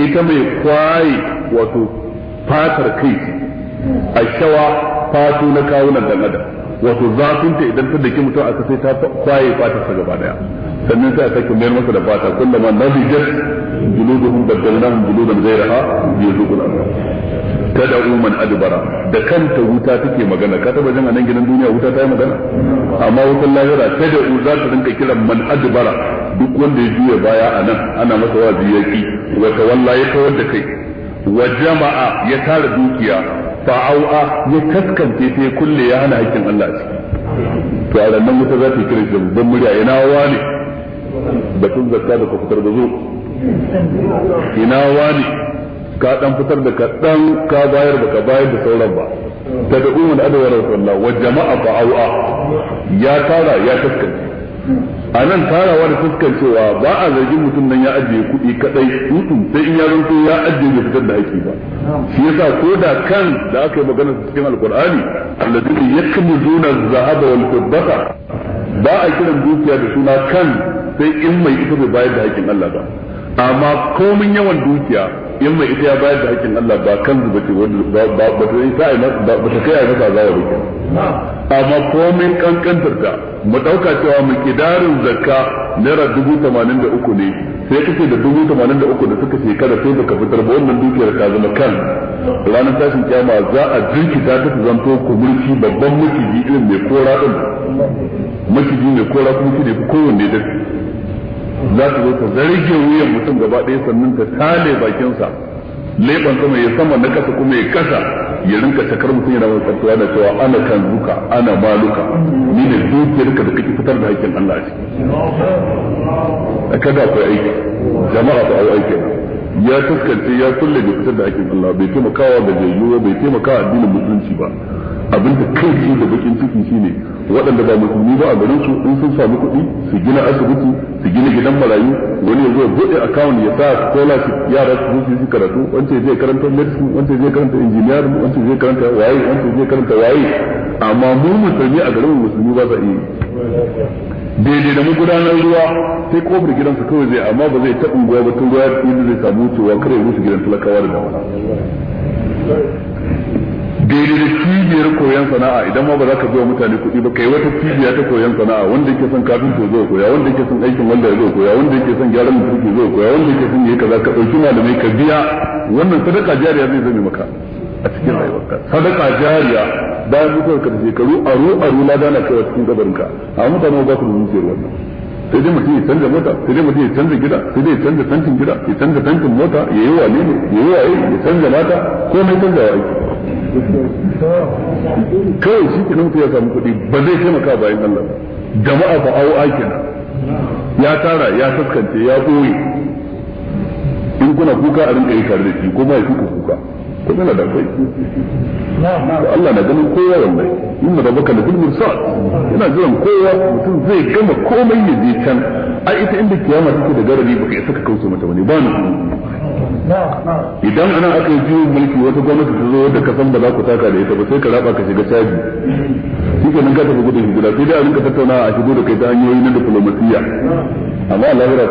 [SPEAKER 1] ita mai kwaye wato fatar kai a shawa fatu na kawunan dan adam wato zafin ta idan ta daki mutum aka sai ta kwaye fatar sa gaba daya sannan sai a sake mayar masa da fata kullum kullama nabijat juluduhum badalnahum juludan ghayraha yuzuqul tad'u man adbara da kanta wuta take magana ka taba jin a nan gidan duniya wuta ta yi magana amma wutar lahira tad'u za ta rinka kiran man adbara duk wanda ya juya baya a nan ana masa wazi ya ki wa tawalla ya kawar da kai wa jama'a ya tara dukiya fa'au'a ya kaskance ta ya kulle ya hana hakkin Allah ciki to a nan wuta za ta kira da babban murya ina wani batun zakka da ka fitar da zo ina wani ka dan fitar da kaɗan ka bayar da ka bayar da sauran ba ta da umar adawar rasulullah wa jama'a fa au'a
[SPEAKER 3] ya tara ya
[SPEAKER 1] taskance a nan tarawa da taskancewa ba a zargin mutum nan ya ajiye kuɗi kaɗai mutum sai in ya zanto ya ajiye bai fitar da haƙƙi ba shi yasa ko da kan da aka yi magana cikin alqur'ani ya yakmuzuna adh zahaba wal fiddata ba a kiran dukiya da suna kan sai in mai ita bai bayar da haƙƙin Allah ba amma komin yawan dukiya in mai ita ya bayar da hakkin Allah ba kan zuba ce ba ba ta yi sa'a ba ta kai masa azaba ba amma komai kankantar ta mu dauka cewa mu kidarin zakka naira dubu tamanin da uku ne sai kake da dubu tamanin da uku da suka shekara sai baka fitar ba wannan dukiyar ka zama kan ranar tashin kyama za a jirkita ta ta zanto ku mulki babban mulki irin mai kora din mulki mai kora kuma shi ne kowanne da za ta zo ta zarge wuyan mutum gaba ɗaya sannan ta tale bakinsa leɓan sama ya sama na kasa kuma ya kasa ya rinka takar mutum yana mai tsartuwa da cewa ana kan zuka ana maluka ni ne dukiyarka da kake fitar da hakkin Allah a ciki a kada akwai aiki jama'a ba yi aiki ya taskance ya kulle da fitar da hakkin Allah bai taimakawa ga jayyuwa bai taimakawa addinin musulunci ba abin da kai shi da bakin ciki ne waɗanda ba musulmi ba a garin su in sun samu kuɗi su gina asibiti su gina gidan marayu wani ya zo ya buɗe account ya sa scholarship yara su zo su yi karatu wance zai karanta medicine wance zai karanta engineer wance zai karanta waye wance zai karanta waye amma mu musulmi a garin musulmi ba za iya daidai da magudanar ruwa sai kofar gidansa kawai zai amma ba zai taɓa unguwa ba tun ruwa inda zai samu wucewa kare rushe gidan talakawa da dama daidai da cibiyar koyon sana'a idan ma ba za ka biya mutane kuɗi ba kai wata cibiya ta koyon sana'a wanda yake son kafin to zo koya wanda yake son aikin wanda zo koya wanda yake son gyaran mutum zo koya wanda yake son yayi kaza ka dauki malamai ka biya wannan sadaka jariya zai zame maka a cikin rayuwarka sadaka jariya bayan mutuwar ka da shekaru aro aro lada na kaiwa cikin gabarinka a mutane ba ku da wannan sai dai mutum ya canza mota sai dai mutum ya canza gida sai dai ya canza tantin gida ya canza tantin mota ya yi wane ne ya yi waye ya canza mata komai canza wa aiki kawai shi ke nufi ya samu kuɗi ba zai taimaka bayan Allah jama'a ba awo kenan ya tara ya saskance ya ɓoye in kuna kuka a rinka yi tare da shi ko ma ya kuka kuka ko yana da kai Allah na ganin kowa wannan da baka da bil sa yana jiran kowa mutum zai gama komai ya je can a ita inda kiyama take da garari baka isa ka kauce mata wani ba ni idan ana aka yi juyin mulki wata gwamnati ta zo da kasan ba za ku taka da ita ba sai ka raba ka shiga caji shi ke nan ka tafi gudun hijira sai dai a rinka tattauna a shigo da kai ta hanyoyi na diplomasiya amma Allah ya ta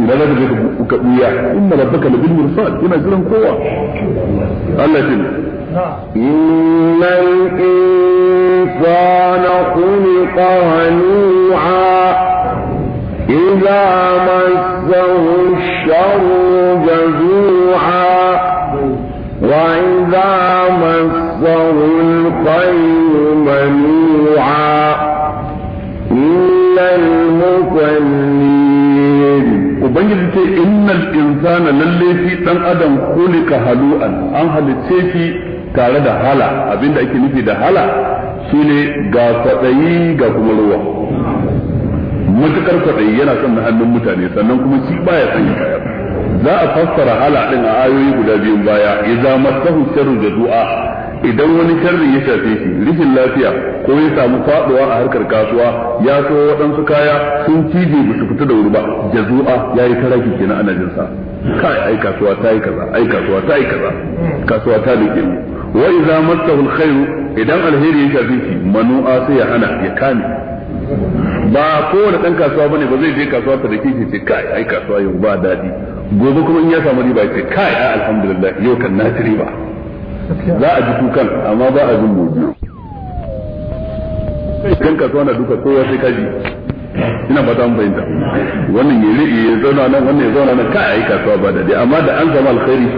[SPEAKER 1] idan za ka je ka buya inna ka labin mursal yana jiran kowa Allah shi إن الإنسان
[SPEAKER 2] خلق هنوعا إذا مسه الشر جزوعا وإذا مسه الخير منوعا
[SPEAKER 1] إلا المصلين وبنجد إن الإنسان للي في أن أدم خلق هلوءا أن هل tare da hala abinda ake nufi da hala shine ga kwaɗayi ga kuma ruwa matukar kwaɗayi yana son na hannun mutane sannan kuma shi baya son ya bayar za a fassara hala ɗin a ayoyi guda biyun baya idza masahu sharru zuwa idan wani sharri ya shafe shi rikin lafiya ko ya samu faduwa a harkar kasuwa ya so waɗansu kaya sun cije ba su fita da wuri ba jazua ya yi taraki kenan ana jin sa kai ai kasuwa ta yi kaza ai kasuwa ta yi kaza kasuwa ta dake ni wa idza masahu alkhairu idan alheri ya shafe shi manu'a sai ya hana ya kame ba kowane dan kasuwa bane ba zai je kasuwa ta dake shi ce kai ai kasuwa yau ba dadi gobe kuma in ya samu riba ce kai ai alhamdulillah yau kan na ci riba za a ji kukan amma ba a jin gobe dan kasuwa na duka kowa sai kaji ina ba ta mun bayyana wannan ya riƙe ya zauna nan wannan ya zauna nan kai ai kasuwa ba dadi amma da an zama alkhairi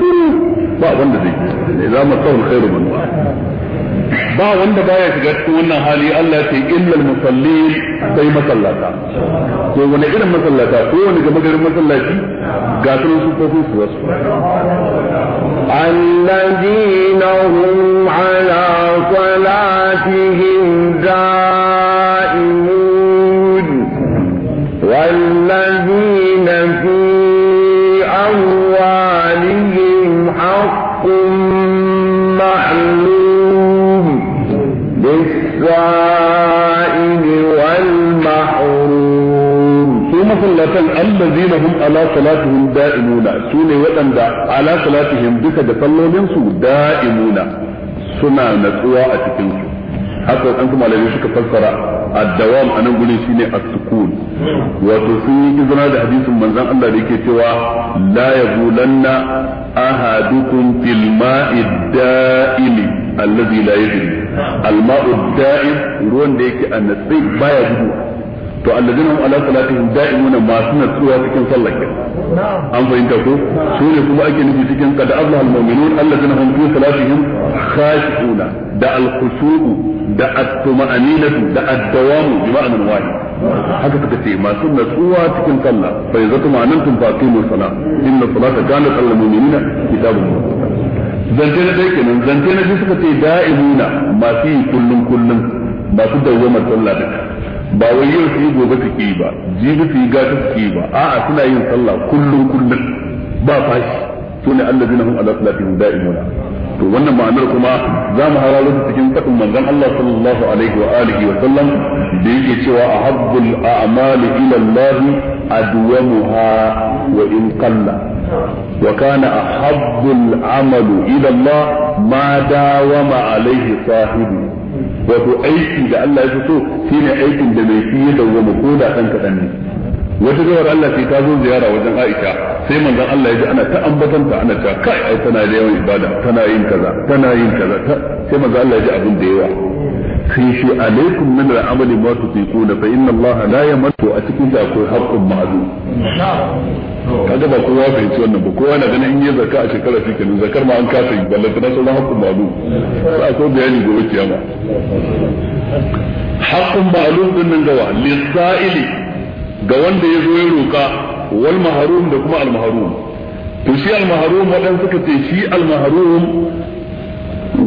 [SPEAKER 1] ba wanda zai ne za mu tsawon khairu manuwa ba wanda baya shiga cikin wannan hali Allah ce illa musalli sai masallata ko wani irin masallata ko wani gaba garin masallaci ga su su ko su wasu
[SPEAKER 2] الذين hum ala salatihim da'imun والذين
[SPEAKER 1] allazina hum ala salatihim da'imuna sune waɗanda ala salatihim duka da sallolin su da'imuna suna natsuwa a cikin su haka wadansu malamai suka fassara ad-dawam anan gurin shine as-sukun wato sun yi izina da hadisin manzon Allah da yake cewa la yabulanna ahadukum fil ma'i da'imi allazi la yajri al-ma'u da'im ruwan da yake a natsai baya gudu to alladina hum ala salatihim da'imuna masu natsuwa cikin sallah ke an fahimta ko su ne kuma ake nufi cikin qad aflaha almu'minun alladina hum fi salatihim khashi'una da al-khushu'u da at-tuma'aninatu da ad-dawamu bi ma'anan wahid haka suka ce masu natsuwa cikin sallah fa yanzu kuma nan tun faqimu salat inna salata kanat alal mu'minina kitabun zance na dai kenan zance na biyu suka ce da'imuna masu yi kullum kullum masu dawwamar sallah duka ba wai yau su yi gobe su yi ba jibi su yi gata su yi ba a'a suna yin sallah kullum kullum ba fashi to ne allazina hum ala salatihim da'imuna to wannan ma'anar kuma za mu hara wasu cikin fadin manzon Allah sallallahu alaihi wa alihi wa sallam da yake cewa ahabbul a'mali ila Allah adwamuha wa in qalla wa kana ahabbul amalu ila Allah ma dawama alaihi sahibi wato aiki da Allah ya so shine aikin da mai fiye da wani ko da ɗan kaɗan ne wata yawar Allah sai ta zo ziyara wajen Aisha sai manzon Allah ya ji ana ta ambatanta ana ta kai ai tana da yawan ibada tana yin kaza tana yin kaza sai manzon Allah ya ji abin da yawa sai shi alaikum min al'amali ma tufiquna fa inna Allah la yamatu a cikin da akwai haqqun ma'lum kaga ba kowa bai ci wannan ba kowa na ganin in yi zakka a shekara shi kenan zakar ma an kafa yi balle tana sauran haqqun ma'lum sai akwai bayani gobe kiyama haqqun ma'lum din nan gawa lisa'ili ga wanda ya zo ya roka wal maharum da kuma al maharum to shi al maharum wadan suka ce shi al maharum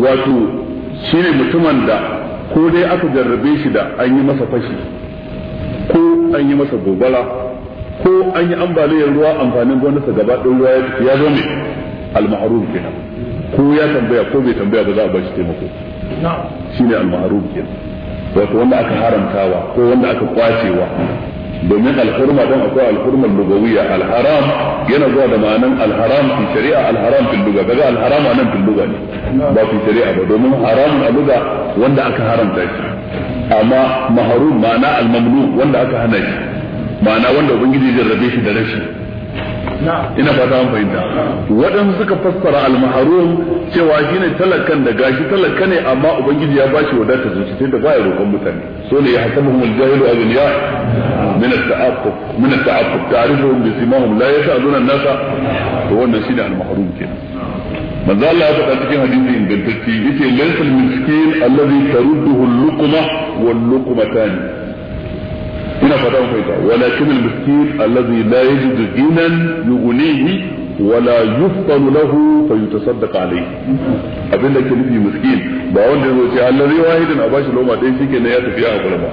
[SPEAKER 1] wato shine mutumin da ko dai aka jarrabe shi da an yi masa fashi ko an yi masa gobara ko an yi ambaliyar ruwa amfanin gonarsa gaba ɗin ruwa ya zo mai al-ma'ruf kenan ko ya tambaya ko bai tambaya ba za a ba shi taimako shine al-ma'ruf kenan wato wanda aka haramtawa ko wanda aka kwacewa domin alhurma dan akwai alhurma lugawiyya alharam yana zuwa da ma'anan alharam fi shari'a alharam fi luga kaga alharam anan fi luga ne ba fi shari'a ba domin haram a luga wanda aka haramta shi amma maharum ma'ana almamnu wanda aka hana shi ma'ana wanda ubangiji zai rabe shi da rashi ina fata an fahimta waɗansu suka fassara almaharum cewa shine talakan da gashi talaka ne amma ubangiji ya bashi wadata zuci sai da baya roƙon mutane so ne ya hasabu mul jahilu abin ya من التعقب من التعقب تعرفهم بسيماهم لا يسألون الناس هو النسيل عن المحروم كده من ذا الله أفضل تكين حديث إن قلتك يتي ليس المسكين الذي ترده اللقمة واللقمتان هنا فتاهم فيتا ولكن المسكين الذي لا يجد غنى يغنيه ولا يفطر له فيتصدق عليه abin da ke nufi miskin ba wanda ya ce allazi wahidin a bashi loma ɗaya shi ke ya tafi a kula ba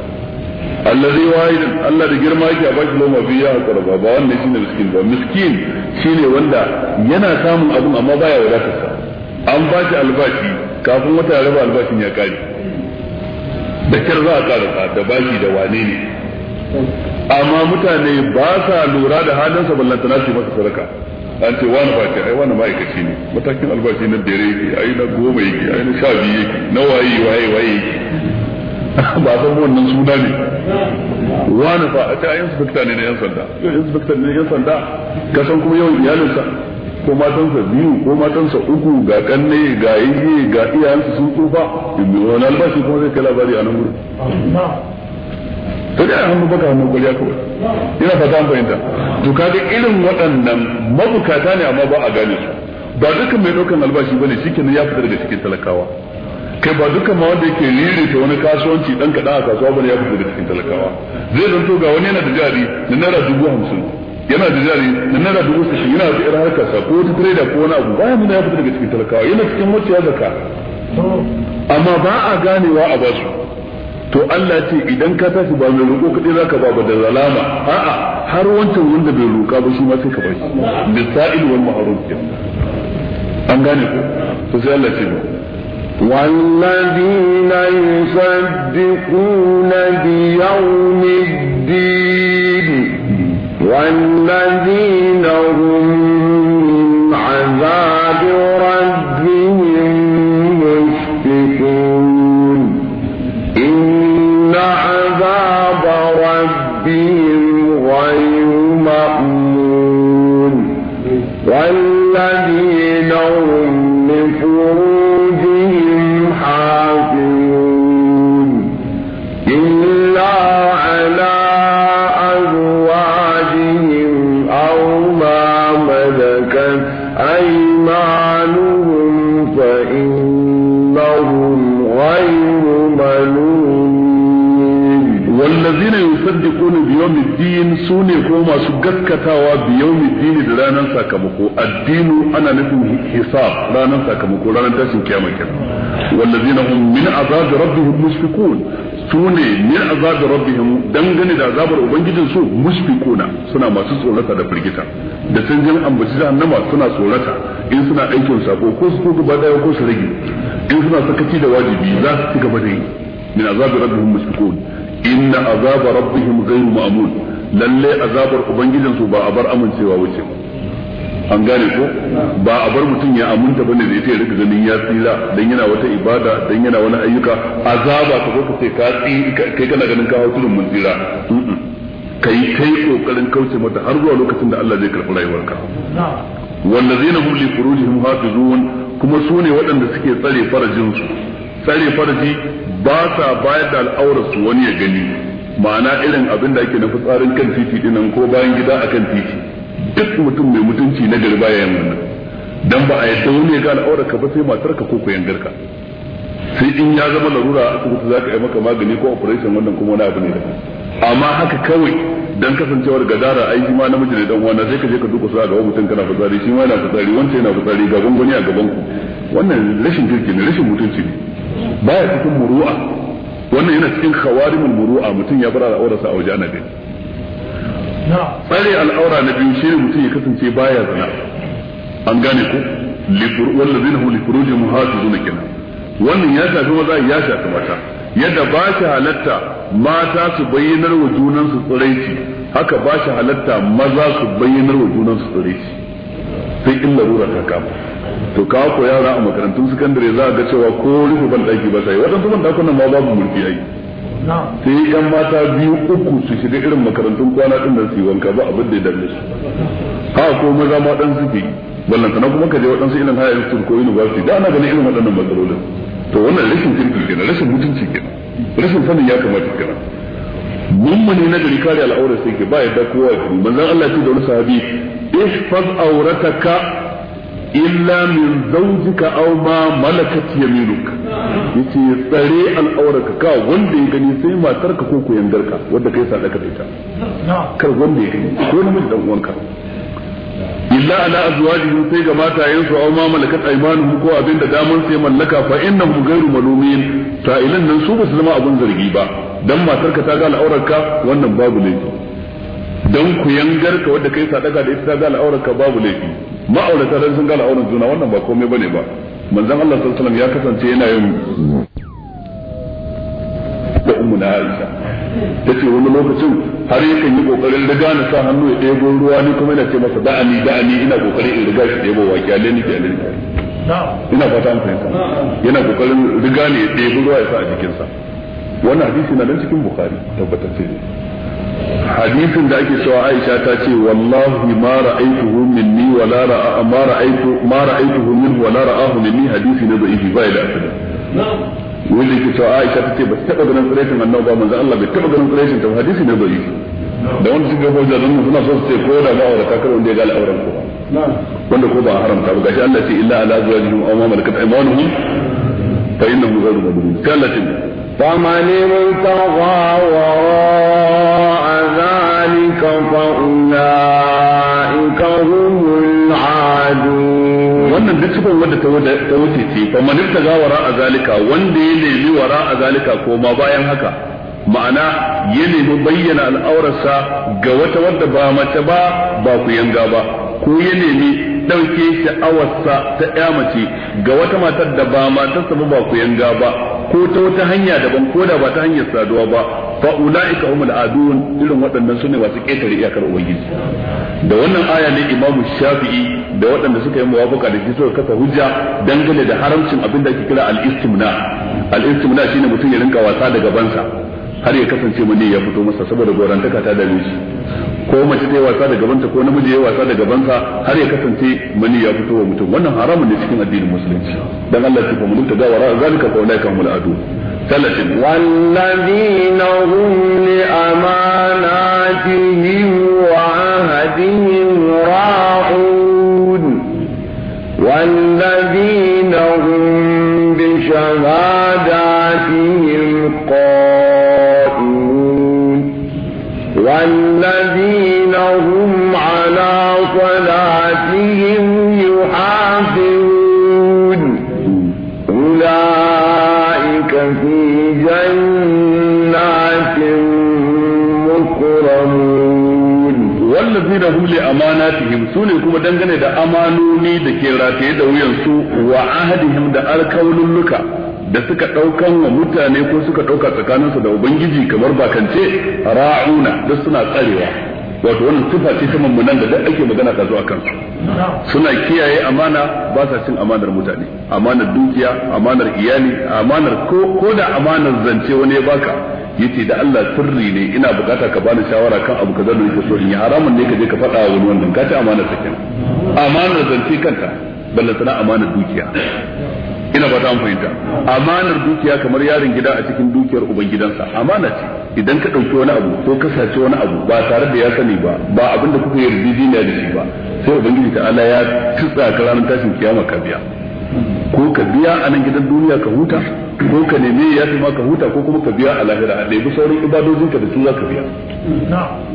[SPEAKER 1] allazi wahidin Allah da girma yake a bashi lomo biya a karba ba ba wannan shine miskin ba miskin shine wanda yana samun abun amma baya wadatar sa an ba shi albashi kafin wata ya raba albashin ya kare da kyar za a ba da bashi da wane ne amma mutane ba sa lura da ballanta na su masa sadaka an ce wani ba ce ai wani ma'aikaci ne matakin albashi na dare yake ai na goma yake ai na sha biyu yake na waye waye waye yake (laughs) ba san nan suna ne wani fa a ta inspector ne na yan sanda yau inspector ne na yan sanda ka san kuma yau iyalinsa ko matansa biyu ko matansa uku ga kanne ga yayye ga iyayensu sun tsufa in wani albashi kuma zai kai labari a nan gudu to da hannu baka hannu kwaliya kawai ina fata an fahimta to ga irin waɗannan mabukata ne amma ba a gane su ba dukkan mai ɗaukan albashi bane shikenan ya fita daga cikin talakawa kai ba dukkan ma wanda yake ta wani kasuwanci dan kaɗan a kasuwa bane ya fito da cikin talakawa zai zanto ga wani yana da jari na naira dubu hamsin yana da jari na naira dubu sashi yana da irin harkar sa ko wata trader ko wani abu baya nuna ya fito daga cikin talakawa yana cikin wacce ya zaka amma ba a ganewa a basu to Allah ce idan ka tashi ba mai roƙo kaɗai zaka ba ba da zalama a'a har wancan wanda bai roƙa ba shi ma sai ka bashi misa'il wal ma'ruf an gane ko to sai Allah ce والذين يصدقون
[SPEAKER 2] بيوم الدين والذين هم
[SPEAKER 1] hisab ranar sakamako ranar tashin kiyama kenan na hum min azabi rabbihim mushfiqun sune min azabi rabbihim dangane da azabar ubangijin su mushfiquna suna masu tsorata da firgita da sanjin ambaci jahannama suna tsorata in suna aikin sako ko su gaba daya ko su rage in suna sakaci da wajibi za su ci gaba da yi min azabi rabbihim mushfiqun inna azaba rabbihim ghayru ma'mun lalle azabar ubangijin su ba a bar amincewa wuce ba an gane ko ba a bar mutum ya aminta bane da ita ya rika ganin ya tsira dan yana wata ibada dan yana wani ayyuka azaba ka ko ka kai kana ganin ka hawo tudun mun kai kai kokarin kauce mata har zuwa lokacin da Allah zai karɓi rayuwarka wallazina hum li furujihim hafizun kuma sune ne waɗanda suke tsare farajin su tsare faraji ba sa bayar da al'aurarsu wani ya gani ma'ana irin abin da ake nufi tsarin kan titi dinan ko bayan gida akan titi duk mutum mai mutunci na gari baya yin wannan dan ba a yadda wani ya ga al'aura ka ba sai matar ka ko yan garka sai in ya zama larura a asibiti za ka yi maka magani ko operation wannan kuma wani abu ne da
[SPEAKER 2] amma haka kawai
[SPEAKER 1] dan kasancewar gadara ai shi ma namiji ne dan wani sai ka je ka duka su a gaban mutum kana fitsari shi ma yana fitsari wancan yana fitsari ga gwangwani a gaban ku wannan rashin kirki ne rashin mutunci ne baya cikin muru'a wannan yana cikin khawarimul muru'a mutum ya bar al'aurarsa a waje ana gani tsare al'aura na biyu ne mutum ya kasance baya zina an gane ku. ko wallazina hum li furujihim zuna kenan wannan ya shafi maza ya shafi mata yadda ba shi halatta mata su bayyanar wa junan su tsiraici haka ba shi halatta maza su bayyanar wa junan su tsiraici sai in larura ta kama to ka ko yara a makarantun sakandare za a ga cewa ko rufe ban ɗaki ba sai wadansu ban ɗakunan ma babu murfi ai sai yan mata biyu uku su shiga irin makarantun kwana ɗin da su wanka ba abin da ya danne su ha ko maza ma dan suke wannan kana kuma ka je waɗansu irin high school ko university da ana ganin irin waɗannan matsalolin to wannan rashin kirki kenan rashin mutunci kenan rashin sanin ya kamata kenan mummuni na gari kare al'aura sai ke ba yadda kowa ya kuma Allah ya ce da wani sahabi ihfaz aurataka illa min zawjika aw ma malakat yaminuka yace tsare al'aurarka ka wanda ya gani sai matarka ko ku yangarka wanda kai sadaka da ita kar wanda ya gani ko namiji dan uwanka illa ala azwajihi sai ga matayensu aw ma malakat aymanuhum ko abin da daman sai mallaka fa innahum ghairu malumin ta ilan nan su ba su zama abun zargi ba dan matarka ta ga al'aurarka wannan babu laifi dan ku yangar ka wanda kai sadaka da ita ga al'aurar ka babu laifi ma'aurata dan sun ga al'aurar juna wannan ba komai bane ba manzon Allah sallallahu alaihi ya kasance yana yin da ummu na Aisha tace wani lokacin har yakan yi kokarin riga na sa hannu ya ɗebo ruwa ni kuma yana ce masa da ni ina kokarin in riga shi ɗebo wa kyale ni kyale ni ina fata an fahimta yana kokarin riga ne ya ɗebo ruwa ya sa a jikinsa wannan hadisi na nan cikin Bukhari tabbatacce ne hadisin da ake cewa Aisha ta ce wallahi ma ra'aituhu minni wa la ra'a ma ra'aitu ma ra'aituhu min wa la ra'ahu minni hadisi ne da'ifi ba da asali wanda yake cewa Aisha ta ce ba taba ganin tsiraitin annabi ba manzo Allah bai taba ganin tsiraitin ta hadisi ne da'ifi da wanda suka ga jaran suna so su ce ko da ma'aura ta kar wanda ya ga al'auran ko wanda ko ba haramta ba gashi Allah ce illa ala zawajihim aw ma malakat aymanuhum fa innahu ghayru madrun kallatin فمن ابتغى
[SPEAKER 2] وراء فأولئك
[SPEAKER 1] هم العادون wannan duk cikin wadda ta wuce ce fa man ibtaga wara a wanda ya nemi wara a zalika ko ma bayan haka ma'ana ya nemi bayyana al'aurarsa ga wata wadda ba mace ba ba ku yanga ba ko ya nemi ɗauke sha'awarsa ta ƴa mace ga wata matar da ba matarsa ba ba ku yanga ba ko ta wata hanya daban ko da ba ta hanyar saduwa ba fa ulaika humul adun irin waɗannan sune masu ƙetare iyakar ubangiji da wannan aya ne imamu Shafi'i da waɗanda suka yi muwafaka da shi suka kasa hujja dangane da haramcin abin da ake kira al-istimna al-istimna shine mutum ya rinka wasa da sa har ya kasance mani ya fito masa saboda gorantaka ta dame shi ko mace ta yi wasa da gabanta ko namiji ya yi wasa da gabansa har ya kasance mani ya fito wa mutum wannan haramun ne cikin addinin musulunci dan Allah ya kuma mutunta gawara zalika fa ulai kamul adu talatin wallazina
[SPEAKER 2] hum li amanatihim wa ahdihim ra'un wallazina hum bi shahada
[SPEAKER 1] hum li amanatihim sune kuma dangane da amanoni da ke rataye da wuyansu wa ahadihim da alkawlulluka da suka daukan wa mutane ko suka dauka tsakaninsu da ubangiji kamar bakance ra'una da suna tsarewa wato wannan sifa ce ta mummunan da duk ake magana ta zo a kansu
[SPEAKER 3] suna kiyaye
[SPEAKER 1] amana ba sa cin amanar mutane amanar dukiya amanar iyali amanar ko ko da amanar zance wani ya baka yace da Allah sirri ne ina bukata ka bani shawara kan abu kaza da yake so in yi haramun ne ka je ka faɗa wa wani wannan ka ci amana ta kenan amanar zance kanta balla sana amanar dukiya ina ba ta fahimta amanar dukiya kamar yarin gida a cikin dukiyar ubangidansa amana ce idan ka ɗauki wani abu ko ka saci wani abu ba tare da ya sani ba ba abinda kuka yarjejeniya da shi ba sai ubangiji ta Allah ya tutsa ka ranar tashin kiyama ka biya ko ka biya a nan gidan duniya ka huta ko ka nemi ya ma ka huta ko kuma ka biya a lahira a ɗebi sauran ibadojinka da su za ka biya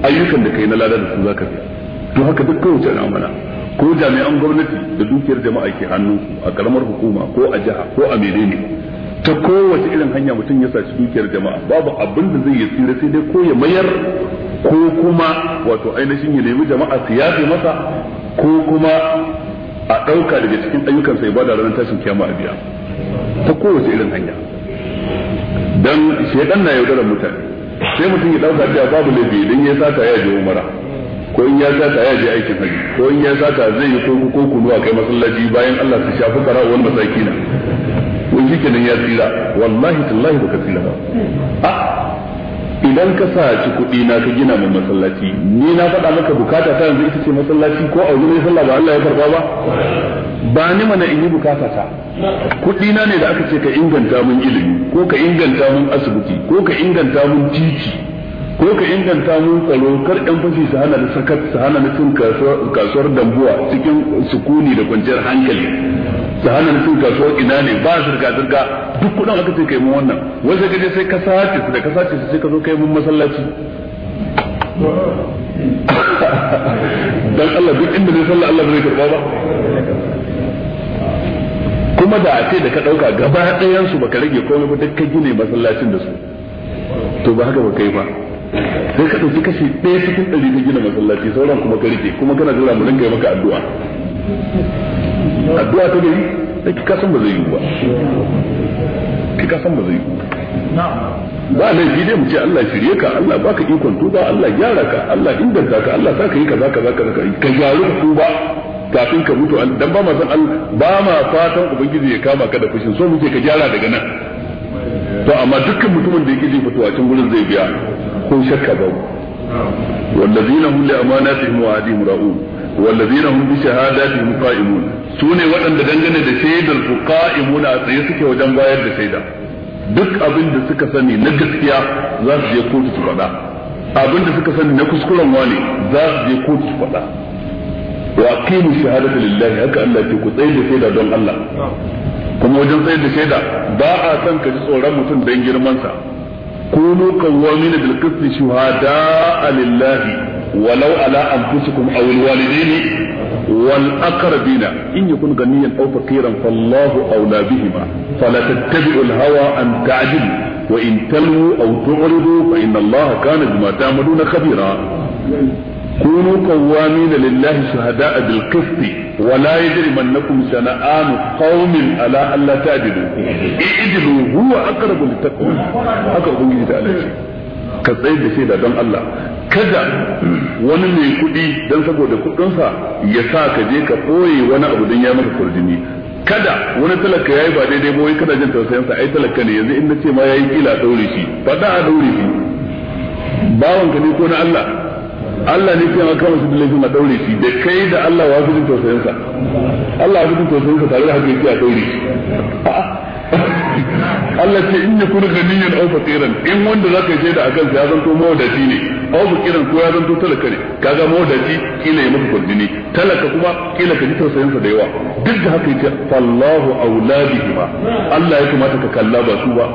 [SPEAKER 1] ayyukan da kai na lada da su za ka biya to haka duk kowace al'amala ko jami'an gwamnati da dukiyar jama'a ke hannu a karamar hukuma ko a jiha ko a menene ta kowace irin hanya mutum ya saci dukiyar jama'a babu abin da zai yi tsira sai dai ko ya mayar ko kuma wato ainihin ya nemi jama'a su yafe masa ko kuma a ɗauka daga cikin ayyukan sai ibada ranar tashin kiyama a biya ta kowace irin hanya dan shedan na yaudarar mutane sai mutum ya ɗauka cewa babu laifi idan ya sata ya je umara ko in ya sata ya je aikin hajji ko in ya sata zai yi koko ko kunu a kai masallaci bayan Allah su shafi fara wani na ko shi kenan ya tsira wallahi tallahi baka tsira ba ah! idan ka saci kuɗi na ka gina mai masallaci ni na faɗa maka bukata ta yanzu ita ce masallaci ko a wurin sallah ba Allah ya karba ba ba ni mana in yi bukata ta kuɗi na ne da aka ce ka inganta mun ilimi ko ka inganta mun asibiti ko ka inganta mun titi ko ka inganta mun tsaro kar ɗan fashi su hana da sakat su hana na cin kasuwar dambuwa cikin sukuni da kwanciyar hankali da hannun mutum kasuwar ina ne ba zirga zirga duk kudin aka ce kai mun wannan wasu gaje sai ka sace su da ka sace su sai ka zo kai mun masallaci dan Allah duk inda ne sallah Allah bai karba ba kuma da ake da ka dauka gaba ɗayan su baka rage komai ba duk ka gine masallacin da su to ba haka ba kai ba sai ka dauki kashi ɗaya cikin ɗari ka gina masallaci sauran kuma ka rike kuma kana jira mu dinga yi maka addu'a addu'a ta dai da kika san ba zai yi ba kika san ba zai yi ba laifi dai mu ce Allah shirye ka Allah baka ikon ba Allah gyara ka Allah inganta ka Allah saka yi kaza kaza kaza ka gyaru ba kafin ka mutu dan ba ma san Allah ba ma fatan ubangiji ya kama ka da fushin so muke ka gyara daga nan to amma dukkan mutumin da yake jin fituwa cikin gurin zai biya kun shakka ba wallazina hum li amanatihim wa adihim ra'u. wallazina hum bi shahadatihim qa'imun su ne waɗanda dangane da shaidar su qa'imuna a tsaye suke wajen bayar da shaida duk abin suka sani na gaskiya za su je kotu su faɗa abin da suka sani na kuskuren wani za su je kotu su faɗa wa aqimu shahadata lillahi haka Allah ke ku tsaye da shaida don Allah kuma wajen tsayar da shaida ba a son ka ji tsoron mutum don girmansa kunu qawwamin bil qisti shuhada'a lillahi ولو على أنفسكم أو الوالدين والأقربين إن يكن غنيا أو فقيرا فالله أولى بهما فلا تتبعوا الهوى أن تعدلوا وإن تلووا أو تعرضوا فإن الله كان بما تعملون خبيرا كونوا قوامين لله شهداء بالقسط ولا يجرمنكم شنآن قوم على ألا تعدلوا اعدلوا هو أقرب للتقوى أقرب للتقوى ka tsaye da shaida don Allah kada wani mai kuɗi don saboda kuɗinsa ya sa ka je ka ɓoye wani abu don ya maka kurjini kada wani talaka yayi ba daidai ba wai kana jin tausayinsa ai talaka ne yanzu in nace ma yayi kila a daure shi faɗa a daure shi bawan ka ne ko na Allah Allah ne ke maka musu da laifin a daure shi da kai da Allah wa su jin tausayinsa Allah ya fi jin tausayinsa tare da haka yake a daure shi mawadaci Allah ce in ya kuna ganiyan au faqiran in wanda zaka yi da a kansa ya zanto mawadaci ne au faqiran ko ya zanto talaka ne kaga mawadaci kila ya maka kundini talaka kuma kila ka ji tausayin sa da yawa duk da haka yace fallahu auladihima Allah ya kamata ka kalla ba su ba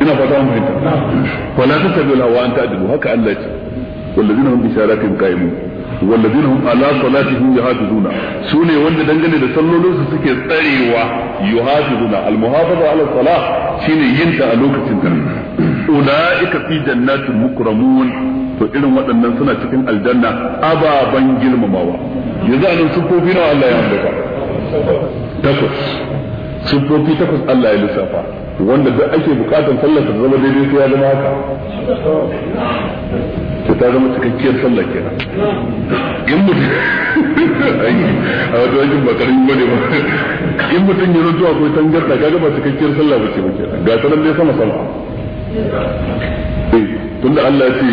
[SPEAKER 1] ina fata mun fahimta wala tattabi'u hawa an ta'dilu haka Allah ce wallazina hum bi sharatihim qa'imun والذين هم على صلاتهم يحافظون سوني وند دنگني da sallolin su suke tsarewa yuhafizuna almuhafaza ala salah shine yinta a lokacin da ulaika fi jannatin to irin waɗannan suna cikin aljanna ababan girmamawa yanzu anan sufofi nawa Allah ya ambata takwas sufofi takwas Allah ya lissafa wanda duk ake bukatan sallar ta zama daidai sai ya zama haka to ta zama cikakkiyar sallah kenan in mutum a wato aikin ba karamin bane ba in mutum ya zuwa akwai tangarda kaga ba cikakkiyar sallah ba ce ba kenan ga sanan dai sama sama eh, tunda Allah ya ce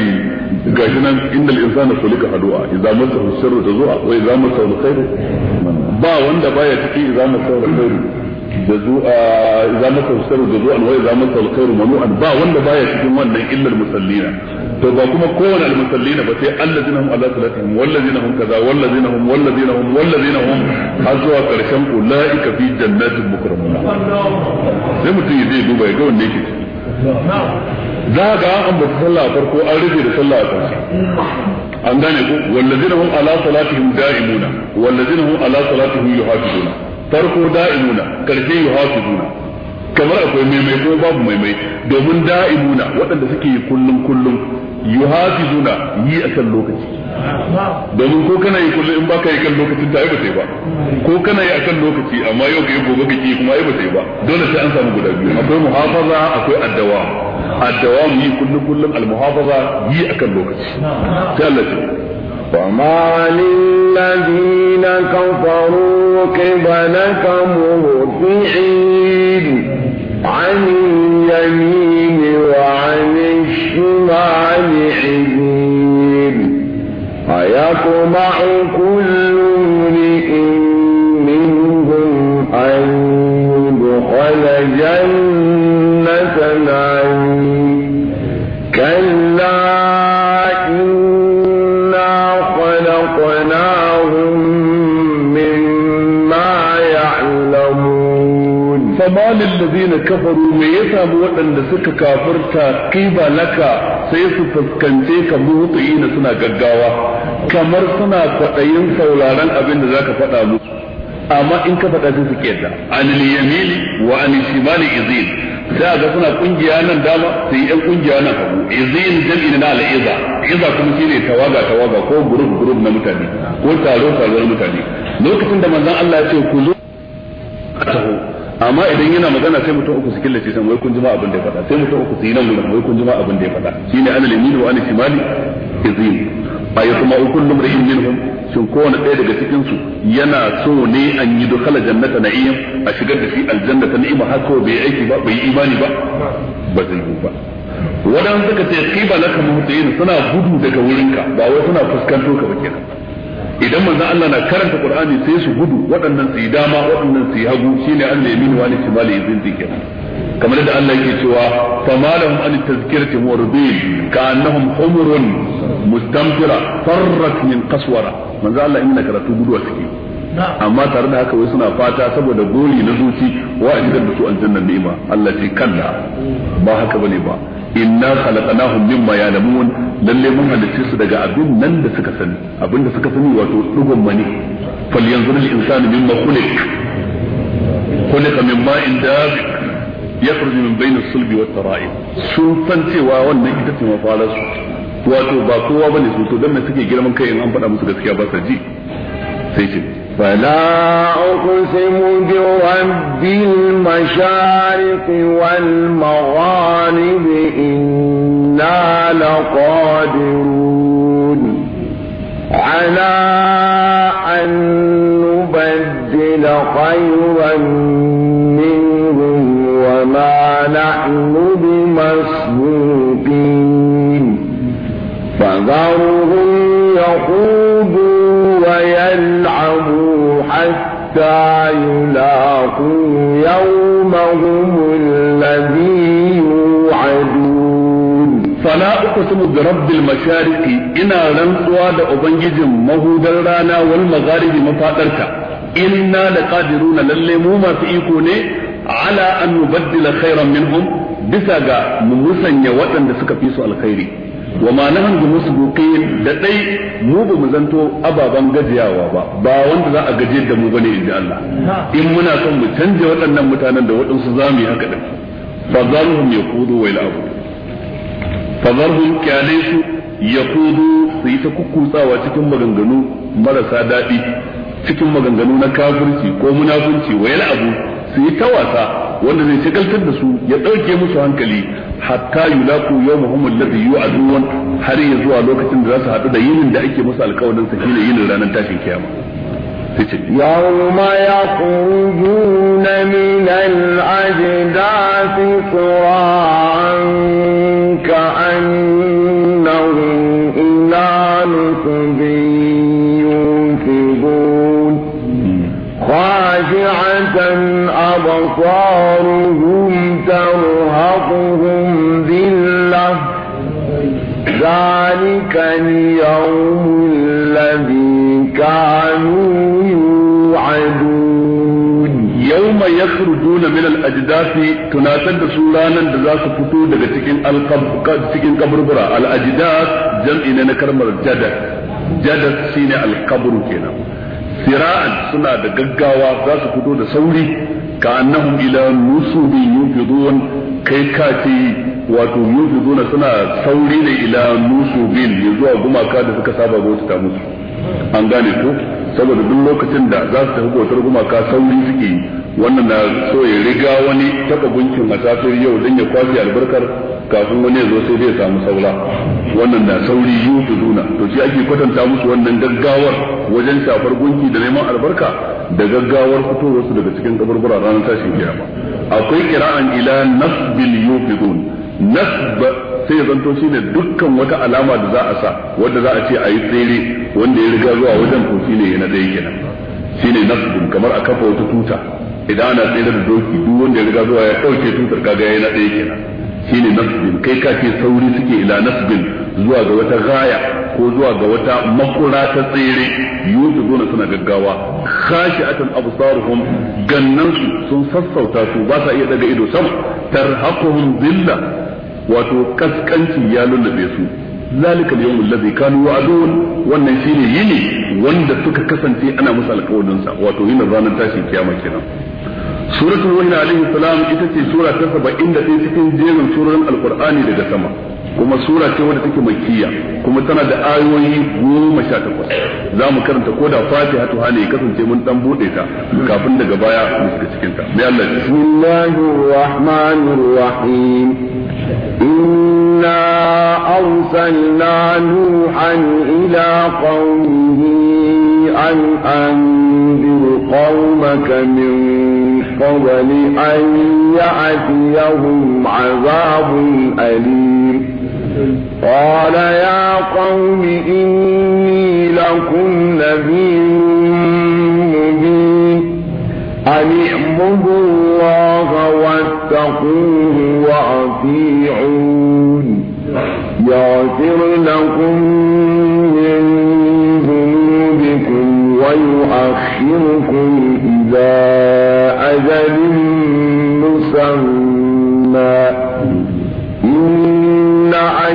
[SPEAKER 1] gashi nan innal insana sulika hadu'a idza masahu sharru tazua wa idza masahu alkhairu ba wanda baya cikin idza masahu alkhairu za maka saru da zuwa wai za maka mu manu'an ba wanda baya cikin wannan illar musallina to ba kuma kowane almusallina ba sai allazina hum ala salatihim wallazina hum kaza wallazina hum wallazina hum wallazina hum har zuwa karshen ulaika fi jannatin mukarramun sai mutum zai duba ya ga wanda yake ciki za ga an ambata sallah a farko an rufe da sallah a an gane ko wallazina hum ala salatihim da'imuna wallazina hum ala salatihim yuhafizuna farko da'imuna karshe yuhafizuna kamar akwai maimai ko babu maimai domin da'imuna waɗanda suke yi kullum kullum yuhafizuna yi a kan lokaci domin ko kana yi kullum in baka yi kan lokacin ta ai ba sai ba ko kana yi akan lokaci amma yau ka yi gobe ka ki kuma ai ba sai ba dole sai an samu guda biyu akwai muhafaza akwai addawa addawa mu yi kullum kullum al muhafaza yi akan lokaci sai Allah ya
[SPEAKER 2] فما للذين كفروا قبلك مرتعين عن اليمين وعن الشمال حزين أيطمع كل
[SPEAKER 1] وقال الذين كفروا ya samu waɗanda suka kafirta qiba laka sai su fuskance ka mutu'ina suna gaggawa kamar suna kwaɗayin sauraron abin da zaka faɗa musu amma in ka faɗa sai su kiyata anil yamini wa anil shimali izin sai ga suna kungiya nan dama sai yan kungiya nan hagu izin jami'in na al'iza iza kuma shine tawaga tawaga ko group group na mutane ko taro taro na mutane lokacin da manzon Allah ya ce ku zo amma idan yana magana sai mutum uku su killace san wai kun jima abin da ya faɗa sai mutum uku su yi nan gurin wai kun jima abin da ya faɗa shine ana limin wa ana shimali izin fa yasma'u kullu imrin minhum shin kowane ɗaya daga cikin su yana so ne an yi dukhala jannata na'im a shigar da shi aljanna ta ni'ima har kawai bai aiki ba bai imani ba ba zai yi ba wadan suka ce qiba laka muhtin suna gudu daga wurinka ba wai suna fuskanto ka ba kenan idan manzo Allah na karanta Qur'ani sai su gudu waɗannan su yi dama waɗannan su yi hagu shine an da yamin wani shimali izin zikir kamar da Allah yake cewa famalahum an tazkirati muridin ka'annahum humurun mustamtira farrat min qaswara manzo Allah inna karatu gudu a ciki amma tare da haka wai suna fata saboda gori na zuci wa inda da su aljannan ni'ima Allah ce kalla ba haka bane ba inna khalaqnahum mimma ya'lamun lalle mun halitta su daga abin nan da suka sani abin da suka sani wato dugun mani fal yanzuru al insanu mimma khuliq khuliqa min sulbi wat tara'ib sun san cewa wannan ita ce mafalar su wato ba kowa bane su to dan me suke girman kai in an faɗa musu gaskiya ba sa ji sai ce فلا أقسم
[SPEAKER 2] برب المشارق والمغارب إنا لقادرون على أن نبدل خيرا منهم وما نحن بمسبوقين فذروا حتى يلاقوا يومهم الذي يوعدون
[SPEAKER 1] فلا أقسم برب المشارق إنا رنسوا لأبنجزم مهودر رانا والمغارب مفاترك إنا لقادرون للمو ما سيكوني على أن نبدل خيرا منهم بسا ga mu musanya waɗanda suka fi su alkhairi wa ma nahnu bi musbuqin da dai mu ba mu zanto ababan gajiyawa ba ba wanda za a gaje da mu bane inda Allah in muna son mu canza waɗannan mutanen da waɗansu mu yi haka din fa zarhum yaqudu wa abu fa zarhum kalisu yaqudu su yi ta kukkutsawa cikin maganganu marasa daɗi cikin maganganu na kafirci ko munafunci wa la'abu su yi ta wasa wanda zai shagaltar da su ya ɗauke musu hankali hatta yulaku yawmuhum alladhi yu'adun har ya zuwa lokacin da za su hadu da yinin da ake musu alƙawarin sa shine yinin ranar tashin kiyama tace yawma yakhrujun
[SPEAKER 2] min al-ajdathi quran ka annahum ila nusbiyun khashi'atan abqaruhum tarhaquhum ذلك اليوم الذي
[SPEAKER 1] كانوا يوعدون يوم يخرجون من الأجداث تناسد سورانا دزاس فتو دغ تكين القبر تكين قبربرا الأجداث جمعنا نكرمر جدد جدد سين القبر كنا سراء سنا دغغاوا دزاس فتو دسوري كأنهم إلى نصب يوفضون كي كاتي wato zuna suna sauri ne ila nusubin zuwa gumaka da suka saba bauta ta musu an gane ko saboda duk lokacin da za su tafi bautar gumaka sauri suke wannan na so ya riga wani taka gunkin matafiyar yau dan ya kwafi albarkar kafin wani ya zo sai zai samu saula wannan na sauri zuna to shi ake kwatanta musu wannan gaggawar wajen shafar gunki da neman albarka da gaggawar fitowarsu daga cikin kaburbura ranar tashin kiyama akwai kira'an ila nasbil yufidun nasba sai zanto shine dukkan wata alama da za a sa wanda za a ce a yi tsere wanda ya riga zuwa wajen ko shine ya na dai kenan ne nasbun kamar a kafa wata tuta idan ana tsere da doki duk wanda ya riga zuwa ya kauce tutar kaga ya na dai kenan ne nasbin kai ka ce sauri suke ila nasbin zuwa ga wata gaya ko zuwa ga wata makura ta tsere yiwu yusuf zuna suna gaggawa kashi atan absaruhum gannan su sun sassauta su ba sa iya daga ido sama tarhaquhum dhilla wato kaskanci ya lullube su zalika al-yawm alladhi kanu wa'adun wannan shine yini wanda suka kasance ana musu alkawarinsa wato wato na ranar tashin kiyama kenan suratul wahyi alaihi salam ita ce sura ta 71 cikin jerin surorin alqur'ani daga sama kuma sura ce wadda take makkiya kuma tana da ayoyi goma sha takwas za mu karanta ko da fatiha to hane ya kasance mun dan bude ta kafin daga baya mu shiga cikin ta mai Allah bismillahir rahmanir rahim
[SPEAKER 2] inna arsalna nuhan ila qaumihi an anzir qaumaka min qabli an ya'tiyahum azabun alim قال يا قوم إني لكم نذير مبين أن اعبدوا الله واتقوه وأطيعون يغفر لكم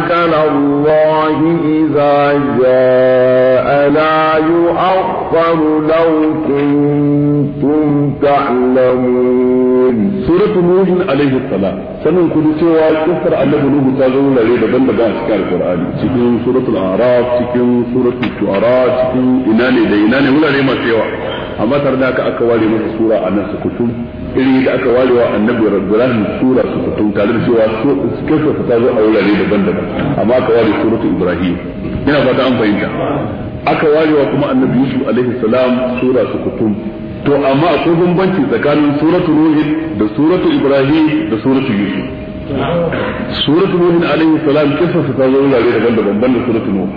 [SPEAKER 2] على الله إذا جاء لا يؤخر لو كنتم تعلمون
[SPEAKER 1] سورة نوح عليه السلام sanin ku cewa kissar annabi nuhu ta zo wurare daban-daban a cikin alqur'ani cikin suratul araf cikin suratul shu'ara cikin ina ne da ina ne wurare masu yawa amma tare da aka aka ware masa sura a nan sukutum iri da aka ware wa annabi ibrahim sura sukutum tare da cewa kissar ta zo a wurare daban-daban amma aka ware suratul ibrahim ina fata an fahimta aka ware wa kuma annabi yusuf alaihi salam sura sukutum to amma akwai bambanci tsakanin suratu ruhin da suratu ibrahim da suratu yusuf suratu ruhin alaihi salam kisa su ta zo wurare daban-daban banda suratu nuh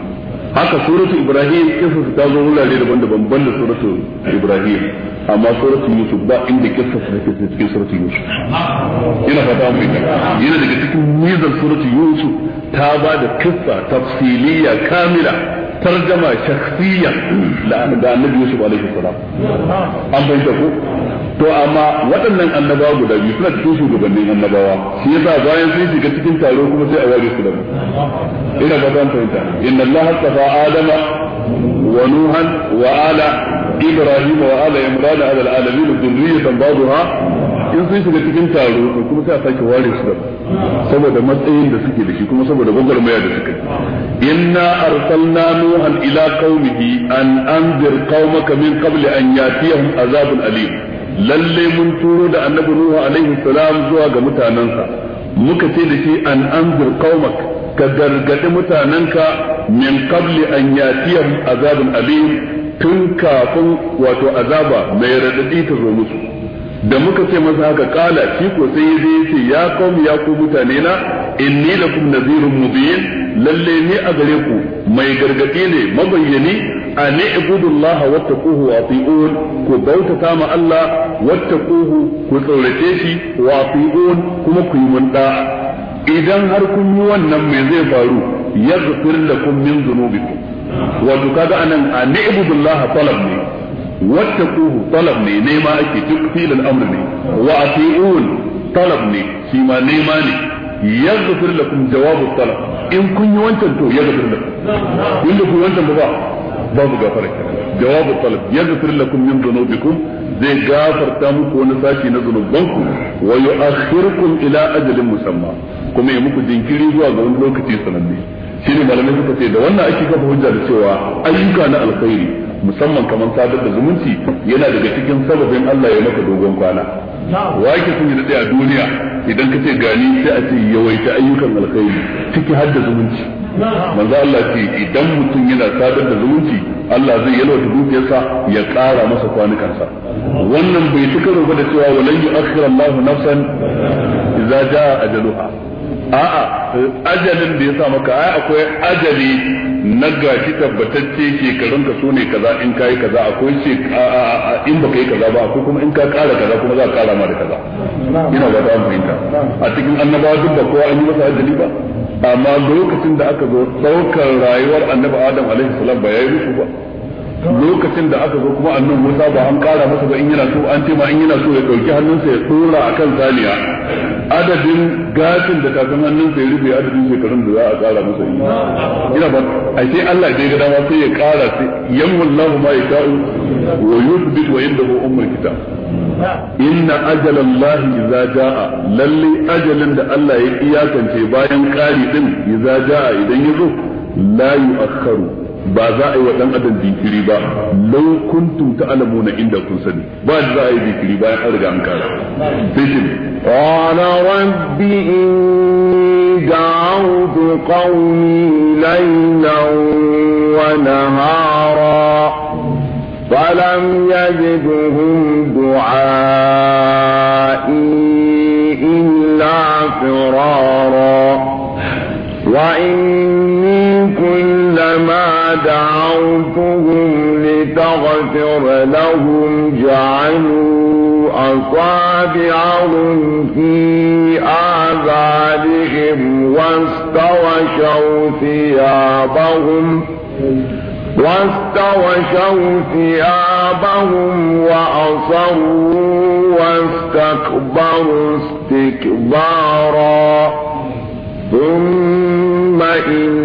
[SPEAKER 1] haka suratu ibrahim kisa su ta zo wurare daban-daban banda suratu ibrahim amma suratu yusuf ba inda kisa su take cikin suratu yusuf ina fata mu ita yana daga cikin nizar suratu yusuf ta ba da kissa tafsiliya kamila tarjama shakhsiyya da annabi Yusuf alaihi salam an bayyana ko to amma waɗannan annabawa guda biyu suna cikin shugabannin annabawa shi yasa bayan sun shiga cikin taro kuma sai a ware su da mu ina ba zan fahimta inna allaha tafa adama wa nuhan wa ala ibrahim wa ala imran ala alamin dhurriyatan ba'daha in sun shiga cikin taro to kuma sai a sake ware su daban saboda matsayin da suke da shi kuma saboda gwagwarmaya da suke inna arsalna nuhan ila qaumihi an anzir qaumaka min qabli an yatiyahum azabun alim lalle mun turo da annabi nuhu alaihi salam zuwa ga mutanansa muka ce da shi an anzir qaumak ka gargadi mutananka min qabli an yatiyahum azabun alim tun kafin wato azaba mai radadi ta zo musu da muka ce masa haka kala shi ko sai ya ce ya kawo ya ku mutane na inni lakum mu mubin lalle ni a gare ku mai gargadi ne mabayyani an ibudullah wattaquhu wa atiun ku bautata ma Allah wattaquhu ku tsorace shi wa atiun kuma ku yi idan har kun yi wannan me zai faru yaghfir lakum min dhunubikum wato kaga anan an ibudullah talab ne wattaquhu talab ne nema ake duk filin amr ne wa atiun talab ne shi ma nema ne yaghfir lakum jawabu talab in kun yi wancan to yaghfir lakum in kun yi wancan ba ba babu gafara jawabu talab yaghfir lakum min dhunubikum zai gafarta muku wani sashi na zunubanku wa yu'akhirukum ila ajalin musamma kuma ya muku jinkiri zuwa ga wani lokaci sananne shine malamai suka ce da wannan ake kafa hujja da cewa ayyuka na alkhairi musamman kamar sadar da zumunci yana daga cikin sababin Allah ya maka dogon kwana wake sun yi daɗe a duniya idan ka ce gani sai a ce yawaita ayyukan alkhairi ciki har da zumunci manzo Allah ce idan mutum yana sadar da zumunci Allah zai yalwata dukiyarsa ya ƙara masa kwanukansa wannan bai ci karo da cewa walan yu'akhkhira Allahu nafsan idza jaa ajaluha a'a ajalin da ya sa maka ai akwai ajali na gashi tabbatacce shekarun ka ne kaza in kai kaza akwai ce in baka yi kaza ba ko kuma in ka kara kaza kuma za ka kara ma da kaza ina ba ta fahimta a cikin annabawa duk ba kowa an yi masa ajali ba amma lokacin da aka zo daukar rayuwar annabi adam alaihi salam ba yayi musu ba lokacin da aka zo kuma annabi Musa ba an kara masa ba in yana so an ce ma in yana so ya dauki hannunsa ya tsora akan saniya adadin gashin da kafin hannun sai rufe adadin shekarun da za a kara masa yi ina ba a ce Allah ya ga dama sai ya kara sai wallahu ma ya sha'u wa yuthbit wa indahu ummul kitab inna ajalallahi idza jaa lalle ajalin da Allah ya iyakance bayan kari din idza jaa idan yazo la yu'akharu ba za a yi wa dan adam jinkiri ba lau kuntum ta'lamuna inda kun sani ba za a yi jinkiri bayan an riga an kara bishin
[SPEAKER 2] shi qala rabbi inni da'awtu qawmi laylan wa nahara فلم يجدهم دعائي إلا فرارا وإن دعوتهم لتغفر لهم جعلوا أصابعهم في آذانهم واستوشوا ثيابهم واستوشوا ثيابهم وأصروا واستكبروا استكبارا ثم إن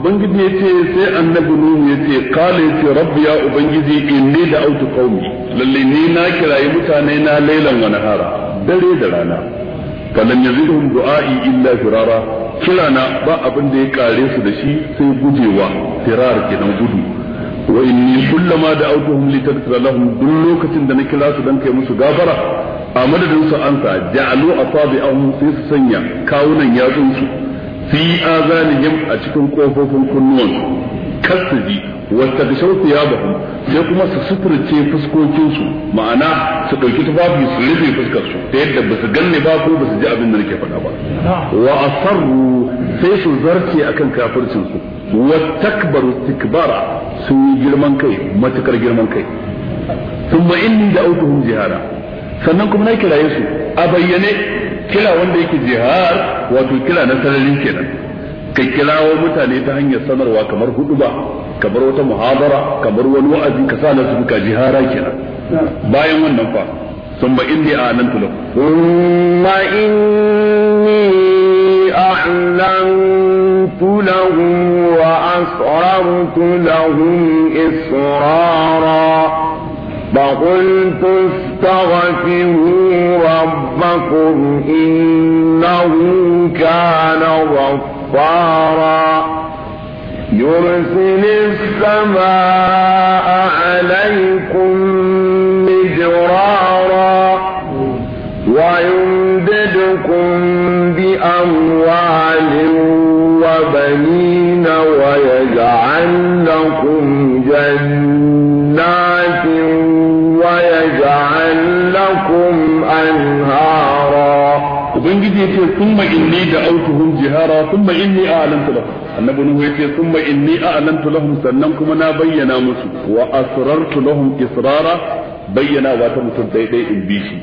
[SPEAKER 1] ubangiji ce sai annabi nuhu yace ya yace rabbi ya ubangiji inni autu qaumi lalle ni na kirayi mutane na lailan wa nahara dare da rana falan yazidhum du'a'i illa firara na ba abin da ya kare su da shi sai gujewa firar kenan gudu wa inni kullama li tadkura lahum duk lokacin da na kira su dan kai musu gafara a madadin su ansa ja'alu asabi'ahum sai su sanya kawunan yatsun su fi azanihim a cikin kofofin kunnuwan kasiji wata da shauku ya bahu sai kuma su suturce fuskokinsu ma'ana su ɗauki tufafi su rufe fuskarsu ta yadda ba su ganne ba ko ba su ji abin da nake faɗa ba wa asarru sai su zarce akan kafircinsu wa takbaru istikbara sun yi girman kai matukar girman kai thumma da da'utuhum jihara sannan kuma na kiraye su a bayyane kira wanda yake jihar wato kira na sararin kenan ka wa mutane ta hanyar sanarwa kamar hudu ba kamar wata muhabara kamar wani wa'azi ka sa na su ka jihara kenan bayan wannan fa ثم إني أعلنت لكم ثم إني أعلنت
[SPEAKER 2] لهم وأسررت لهم إسرارا فقلت فاستغفروا ربكم إنه كان غفارا يرسل السماء عليكم مجرارا ويمددكم بأموال وبنين ويجعل لكم
[SPEAKER 1] yace thumma inni da'awtuhum jihara thumma inni a'lantu lahum annabi nuhu yace thumma inni a'lantu lahum sannan kuma na bayyana musu wa asrartu lahum israra bayyana wa ta mutum daidai in bi shi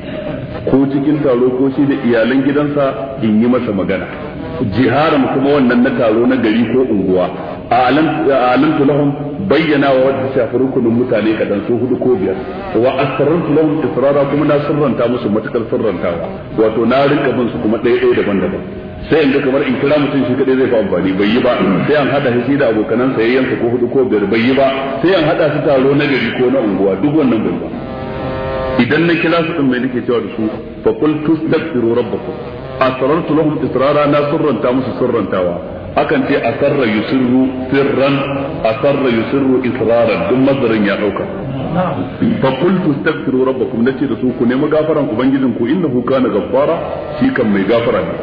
[SPEAKER 1] ko cikin taro ko shi da iyalan gidansa in yi masa magana jiharan kuma wannan na taro na gari ko unguwa a alantu lahum bayyana wa wadda shafi rukunin mutane kadan su hudu ko biyar wa asrartu lahum israra kuma na sirranta musu matakar sirrantawa wato na rinka bin su kuma ɗaya ɗaya daban-daban sai in ga kamar in kira mutum shi kadai zai fi amfani bai yi ba sai an hada shi da abokanan sayayyansa ko hudu ko biyar bai yi ba sai an haɗa su taro na gari ko na unguwa duk wannan bai ba idan na kira su din mai nake cewa da su fa qul tastaghfiru rabbakum asrartu lahum israra na surranta musu surrantawa akan ce asarra yusirru sirran asarra yusirru israran duk mazarin ya dauka fa qultu astaghfiru rabbakum nace da su ku nemi gafaran ubangijin ku innahu kana ghaffara shi kan mai gafara ne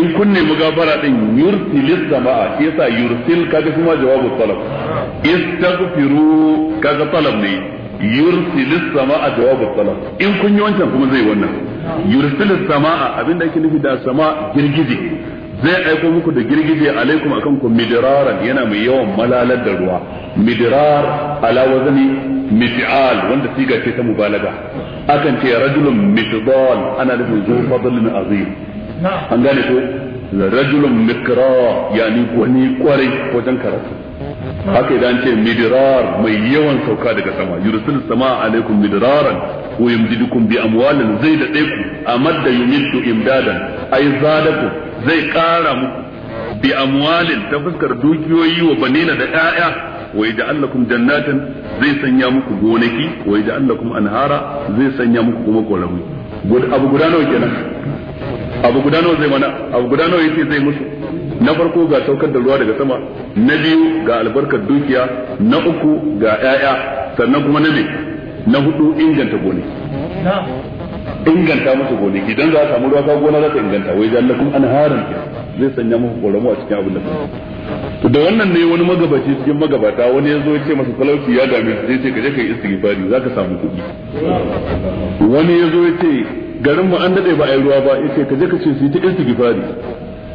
[SPEAKER 1] in kun nemi gafara din yursilis samaa shi yasa yursil kaga kuma jawabu talab istaghfiru kaga talab ne yursilis samaa jawabu talab in kun yi wancan kuma zai wannan yursilu samaa abinda ake nufi da sama girgije zai aiko muku da girgije alaikum akan ku midiraran yana mai yawan malalar da ruwa midirar ala wazani mif'al wanda siga ce ta mubalaga akan ce rajulun mifdal ana nufin zu fadlin azim an gane ko rajulun mikra yani wani kwarai wajen karatu haka idan ce midirar mai yawan sauka daga sama yursil sama alaikum midiraran wa yamdidukum bi amwalin zai da ku amadda yumiddu imdadan ai zadaku zai kara muku bi amwalin ta fuskar dukiyoyi wa banina da ƴaƴa wa yaj'al lakum jannatin zai sanya muku gonaki wa yaj'al lakum anhara zai sanya muku kuma koramu abu guda nawa kenan abu guda nawa zai mana abu guda nawa yace zai musu na farko ga saukar da ruwa daga sama na biyu ga albarkar dukiya na uku ga ƴaƴa sannan kuma na biyu na hudu inganta gonaki inganta musu gonaki idan za a samu ruwa ka gona za ta inganta wai jallakum anharan zai sanya muku koramu a cikin abin da to da wannan ne wani magabaci cikin magabata wani ya zo ya ce masa talauci ya dame su zai ce ka je kai istighfari ka samu kuɗi wani ya zo ya ce garin mu an dade ba yi ruwa ba ce ka je ka ce su yi ta istighfari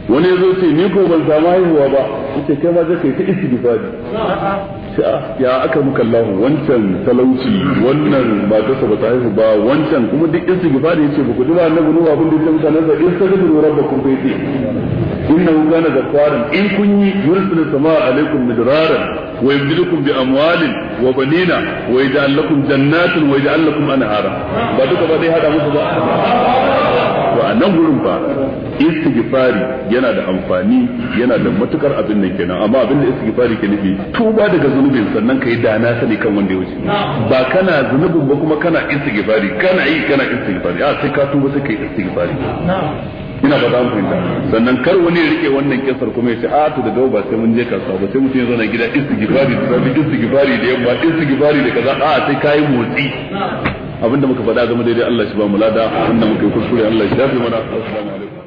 [SPEAKER 1] wani zo ce ni ko ban samu haihuwa ba yace kai ma zaka yi ta istighfari
[SPEAKER 3] ah,
[SPEAKER 1] ya aka muka Allahu wancan talauci wannan ba ta saba ta haihu ba wancan kuma duk istighfari yace ba ku duba annabi nuwa abin da yake mutanen da istaghfiru rabbakum fa yace innahu kana zakkaran in kun yi yursilu samaa alaikum midraran wa yumdidukum bi amwalin wa banina wa yaj'al lakum jannatin wa yaj'al lakum anhara ba duka ba dai hada musu ba ba a nan gurin fa istighfari yana da amfani yana da matukar abin nan kenan amma abin da istighfari ke nufi tuba daga zunubin sannan kai da na sani kan wanda ya wuce ba kana zunubin ba kuma kana istighfari kana yi kana istighfari a sai ka tuba sai kai istighfari ina ba za mu fahimta sannan kar wani ya rike wannan kisar kuma ya ce a to daga ba sai mun je kasuwa ba sai mutum ya zauna gida istighfari da safi istighfari da yamma istighfari da kaza a sai kai motsi abinda muka faɗa zama daidai Allah shi ba mu lada wanda muka yi kuskure Allah shi yafe
[SPEAKER 3] mana assalamu alaikum